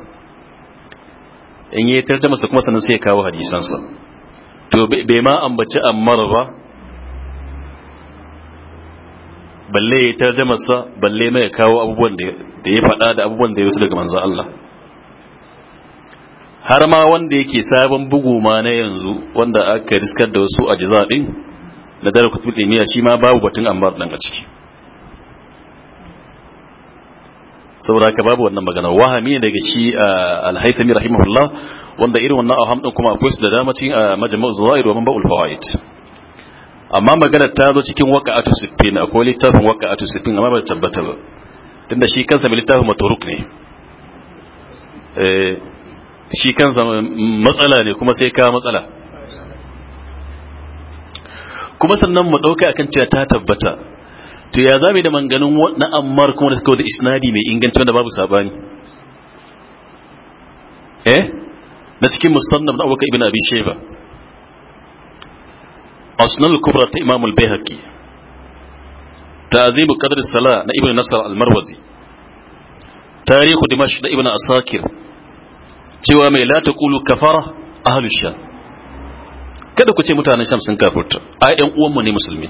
in ya tarjama sa kuma sannan sai ya kawo hadisan sa to bai ma ambaci ammar ba balle ya masa balle na ya kawo abubuwan da ya faɗa da abubuwan da ya wuce daga manzo Allah har ma wanda yake sabon bugu ma na yanzu wanda aka riskar da wasu ajiza din na dara kutubul ɗimiya shi ma babu batun ambar ɗan a ciki saboda haka babu wannan magana wahami daga shi alhaitami rahimahullah wanda irin wannan aham kuma akwai su da dama cikin majami'ar zuwa irwa man ba'ul fawaid amma magana ta zo cikin waqa'atu sittin akwai littafin waqa'atu sittin amma ba tabbata ba tunda shi kansa mai littafin maturuk ne eh, shi kansa matsala ne kuma sai ka matsala kuma sannan mu dauka akan cewa ta tabbata to ya zabe da manganin na ammar kuma da suka da isnadi mai inganci wanda babu sabani eh na cikin musannaf na abubakar ibn abi shayba asnal kubra ta imam al-bayhaqi ta'zibu qadr as-sala na ibn nasr al-marwazi tarihu dimash da ibn asakir cewa mai la taqulu kafara ahlu sham kada ku ce mutanen sham sun kafirta ai ɗan mu ne musulmi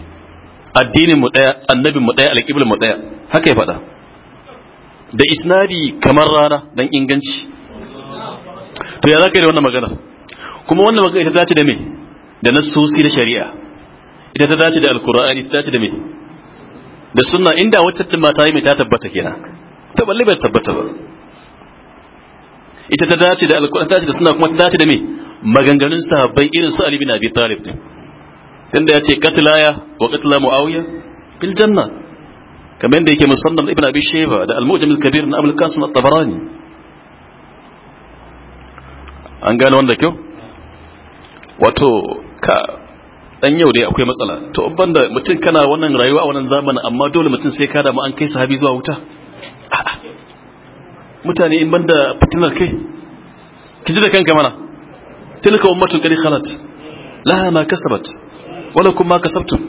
addinin mu daya annabin mu daya alƙiblar mu daya haka ya faɗa da isnadi kamar rana dan inganci to ya zaka yi da wannan magana kuma wannan magana ita ta ce da me da nassosi na shari'a ita ta dace da alqur'ani ta dace da me da sunna inda wacce din mata yi mai ta tabbata kenan ta balle bai tabbata ba ita ta dace da alqur'ani ta dace da sunna kuma ta dace da me maganganun sahabbai irin su ali bin abi talib din tunda ya ce katlaya wa katla muawiya bil janna kamar yadda yake musannad ibn abi shayba da al-mu'jam al-kabir na abul qasim at-tabarani an gane wanda kyau wato ka dan yau dai akwai matsala to banda mutum kana wannan rayuwa a wannan zamanin amma dole mutum sai ka damu an kai sahabi zuwa wuta mutane in banda fitinar kai ki ji da kanka mana tilka ummatun qad khalat laha ma kasabat wala lakum ma kasabtum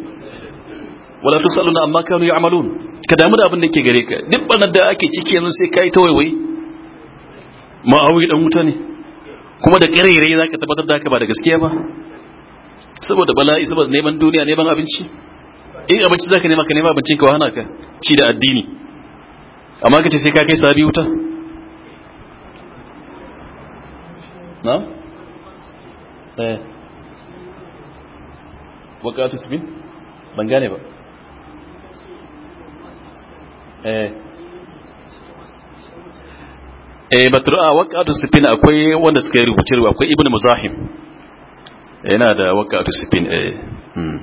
wala tusaluna amma kanu ya'malun ka damu da abin da yake gare ka duk banda da ake ciki yanzu sai kai ta waiwai ma'awi dan wuta ne kuma da kirere zaka tabbatar da haka ba da gaskiya ba saboda bala'i saboda neman duniya neman abinci in abinci zaka nema ka nema abinci ka wahana ka shi da addini amma kace sai ka kai sabi wuta na eh wakatu sibin ban gane ba eh eh batru'a wakatu sibin akwai wanda suka yi rubuce akwai ibnu muzahim yana da waka to sifin eh. hmm.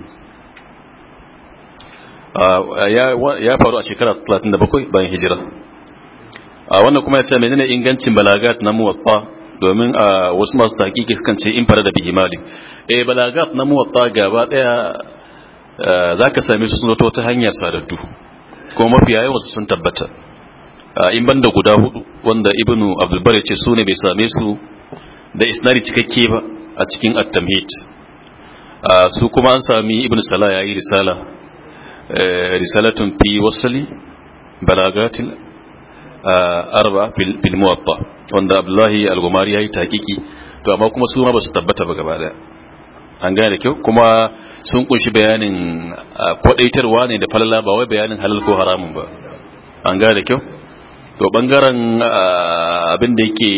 ah, ah, ya faru a shekara 37 bayan hijira a ah, wannan kuma ya ce menene ingancin balagat na muwatta domin a wasu masu taƙiƙi kan ce in fara da bihi eh, balagat na muwatta gaba daya za ka same su sun ta hanyar sadaddu kuma mafi yawansu sun tabbata in banda guda hudu wanda ibnu abdulbar ya ce su ne bai same su da isnari cikakke ba a cikin at-tamhid su kuma an sami ibn salah yayi risala e, risalatun fi wasali balagatil arba fil muwatta wanda abdullahi al-gumari yayi takiki to amma kuma su ma ba su tabbata ba gaba an gane da kyau kuma sun kunshi bayanin kwadaitarwa ne da falala ba wai bayanin halal ko haramun ba an gane da kyau to bangaren abin da yake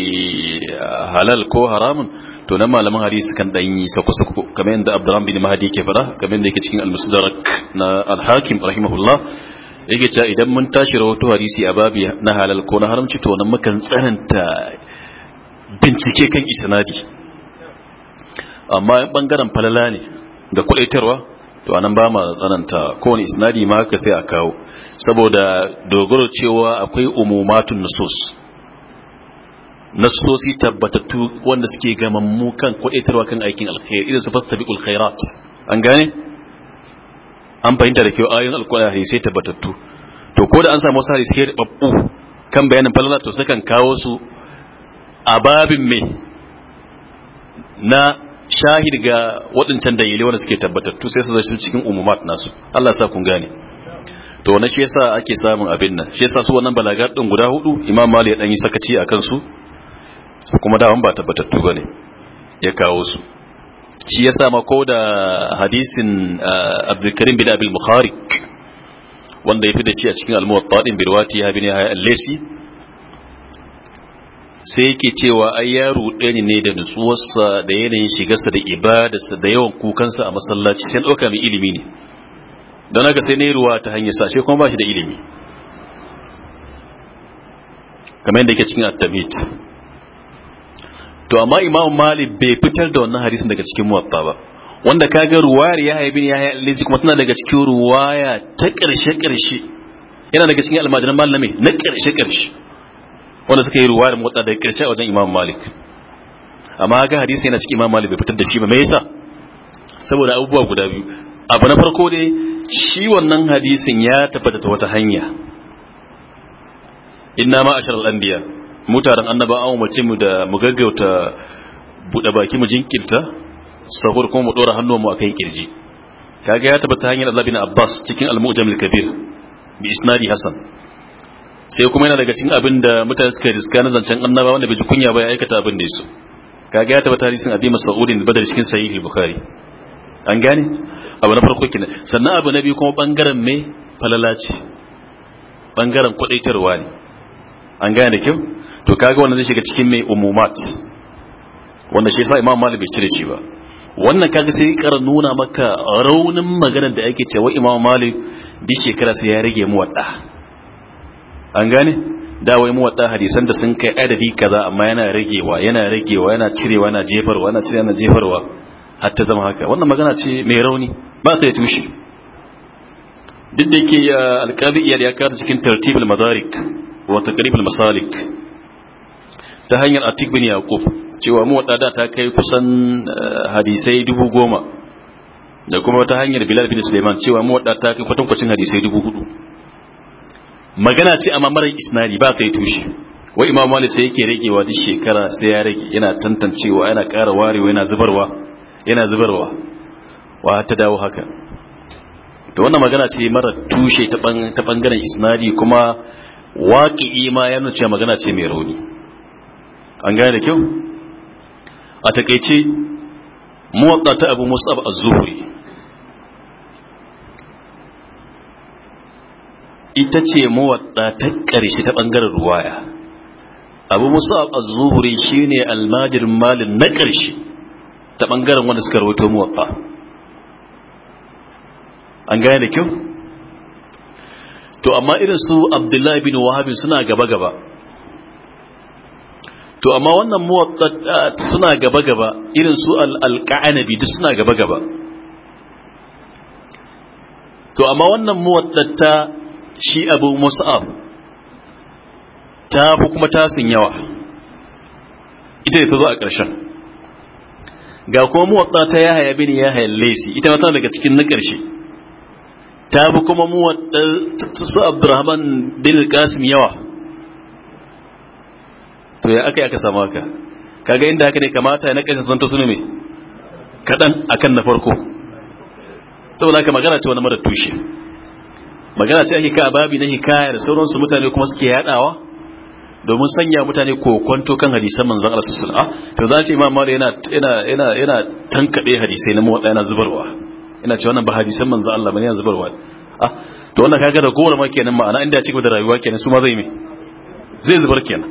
halal ko haramun to nan malaman hadisi kan dan yi sako-sako kamar yadda abdurrahman bin mahdi ke fara kamar yadda yake cikin al-musdarak na al-hakim rahimahullah yake cewa idan mun tashi rawato hadisi a babi na halal ko na haramci to nan mukan tsananta bincike kan isnadi amma bangaren falala ne da kulaitarwa to anan ba ma tsananta kowane isnadi ma haka sai a kawo saboda dogaro cewa akwai umumatun nusus nasosi tabbatattu wanda suke gamammu kan kwaitarwa kan aikin alkhairi idan su fastabiqul khairat an gane an fahimta da kyau ayoyin alkur'ani sai tabbatattu to ko da an samu wasu suke da babbu kan bayanin falala to sukan kawo su a babin me na shahid ga waɗancan dalilai wanda suke tabbatattu sai su zai cikin umumat nasu Allah sa kun gane to na shi yasa ake samun abin nan shi yasa su wannan balagar din guda hudu imam mali ya dan yi sakaci akan su su kuma da ba tabbatattu bane ya kawo su shi ya ma ko da hadisin ah, abdulkarim bin abil bukhari wanda ya fi da shi a cikin almuwatta din birwati ya ne ya lesi sai yake cewa ai yaro ruɗe ne da nutsuwarsa da yanayin shigarsa da ibadarsa da yawan kukansa a masallaci sai ɗauka mai ilimi ne don haka sai ne ruwa ta hanyar sashe kuma ba shi da ilimi kamar yadda yake cikin at to amma imamu malik bai fitar da wannan hadisin daga cikin muwatta ba wanda kaga ruwayar ya haibin ya haibi kuma tana daga cikin ruwaya ta ƙarshe ƙarshe yana daga cikin almajiran malami na ƙarshe ƙarshe wanda suka yi ruwayar motsa daga ƙarshe a wajen imam malik amma ga hadisi yana cikin imam malik bai fitar da shi ba me yasa saboda abubuwa guda biyu abu na farko dai shi wannan hadisin ya tabbata ta wata hanya inna ma al anbiya mutaren annaba an umarci mu da mu gaggauta buɗe baki mu jinkirta sahur kuma mu ɗora hannu mu akan kirji kaga ya tabbata hanyar Allah bin Abbas cikin al-Mu'jam al-Kabir bi isnadi Hasan sai kuma yana daga cikin abin da mutane suka riska na zancen annaba wanda bai ji kunya ba ya aikata abin da yaso kaga ya tabbata hadisin Abi Mas'ud bin Badr cikin sahih al-Bukhari an gane abu na farko kenan sannan abu na biyu kuma bangaren me falalaci bangaren kwadaitarwa ne an gane da kyau to kaga wannan zai shiga cikin mai umumat wanda shi yasa imam malik bai cire shi ba wannan kaga sai kar nuna maka raunin maganar da ake cewa imam malik duk shekara sai ya rage mu wadda an gane da wai mu wadda hadisan da sun kai adadi kaza amma yana ragewa yana ragewa yana cirewa yana jefarwa yana cirewa yana jefarwa har ta zama haka wannan magana ce mai rauni ba ta da tushe duk da yake eh, alƙabi iyal ya kata cikin tartibul madarik wa taqribul masalik ta hanyar atik bin yaqub cewa mu ta kai kusan eh, hadisai dubu goma da kuma ta hanyar bilal bin suleiman cewa mu wadda ta kai kwatankwacin hadisai dubu hudu magana ce amma mara isnadi ba ta yi tushe wa imam sai yake ragewa duk shekara sai ya rage yana tantancewa yana ƙara warewa yana zubarwa yana zubarwa wa ta dawo haka to wannan magana ce mara tushe ta bangaren isnadi kuma waƙi'i ma ya nuna cewa magana ce mai rauni an gane da kyau a takaice muwatta ta abu musab a zuhuri. ita ce muwatta ta ƙarshe ta bangaren ruwaya abu musab a zuhuri shine ne almajirin malin na ƙarshe ta bangaren wanda suka rawaito muwatta an gane da kyau to amma irin su abdullahi bin wahabin suna gaba-gaba to amma wannan muwatta ah, suna gaba-gaba irin su al'alƙa'anabi duk suna gaba-gaba to amma wannan muwattatta shi abu mus'ab ta fi kuma tasin yawa ita da ta zo a ƙarshen ga kuma muwaddata ta yahaya bin yahaya laisi ita ma tana daga cikin na ƙarshe ta bi kuma mu su abdurrahman bin kasim yawa to ya aka yi aka samu haka kaga inda haka ne kamata na kashe santa sunu mai kadan akan na farko saboda haka magana ce wani mara tushe magana ce ake ka babi na hikaya da sauransu mutane kuma suke yadawa domin sanya mutane ko kwanto kan hadisan manzon Allah sallallahu alaihi wasallam to za ce imam Malik yana yana yana tankade hadisai na muwadda yana zubarwa ina ce wannan ba hadisan manzo Allah bane yanzu barwa ah to wannan kaga da kowa ma kenan ma'ana inda ya ci da rayuwa kenan su ma zai me zai zubar kenan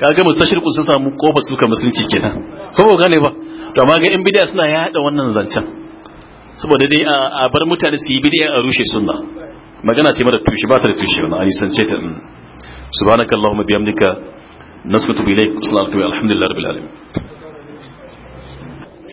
kaga tashirku sun samu kofa su ka ci kenan ko ba gane ba to amma ga in bid'a suna yada wannan zancen saboda dai a bar mutane su yi bid'a a rushe sunna magana ce mara tushe ba ta da tushe wannan ali san ce ta subhanakallahumma bihamdika nasqutu bilayk wa salatu alhamdulillahi rabbil alamin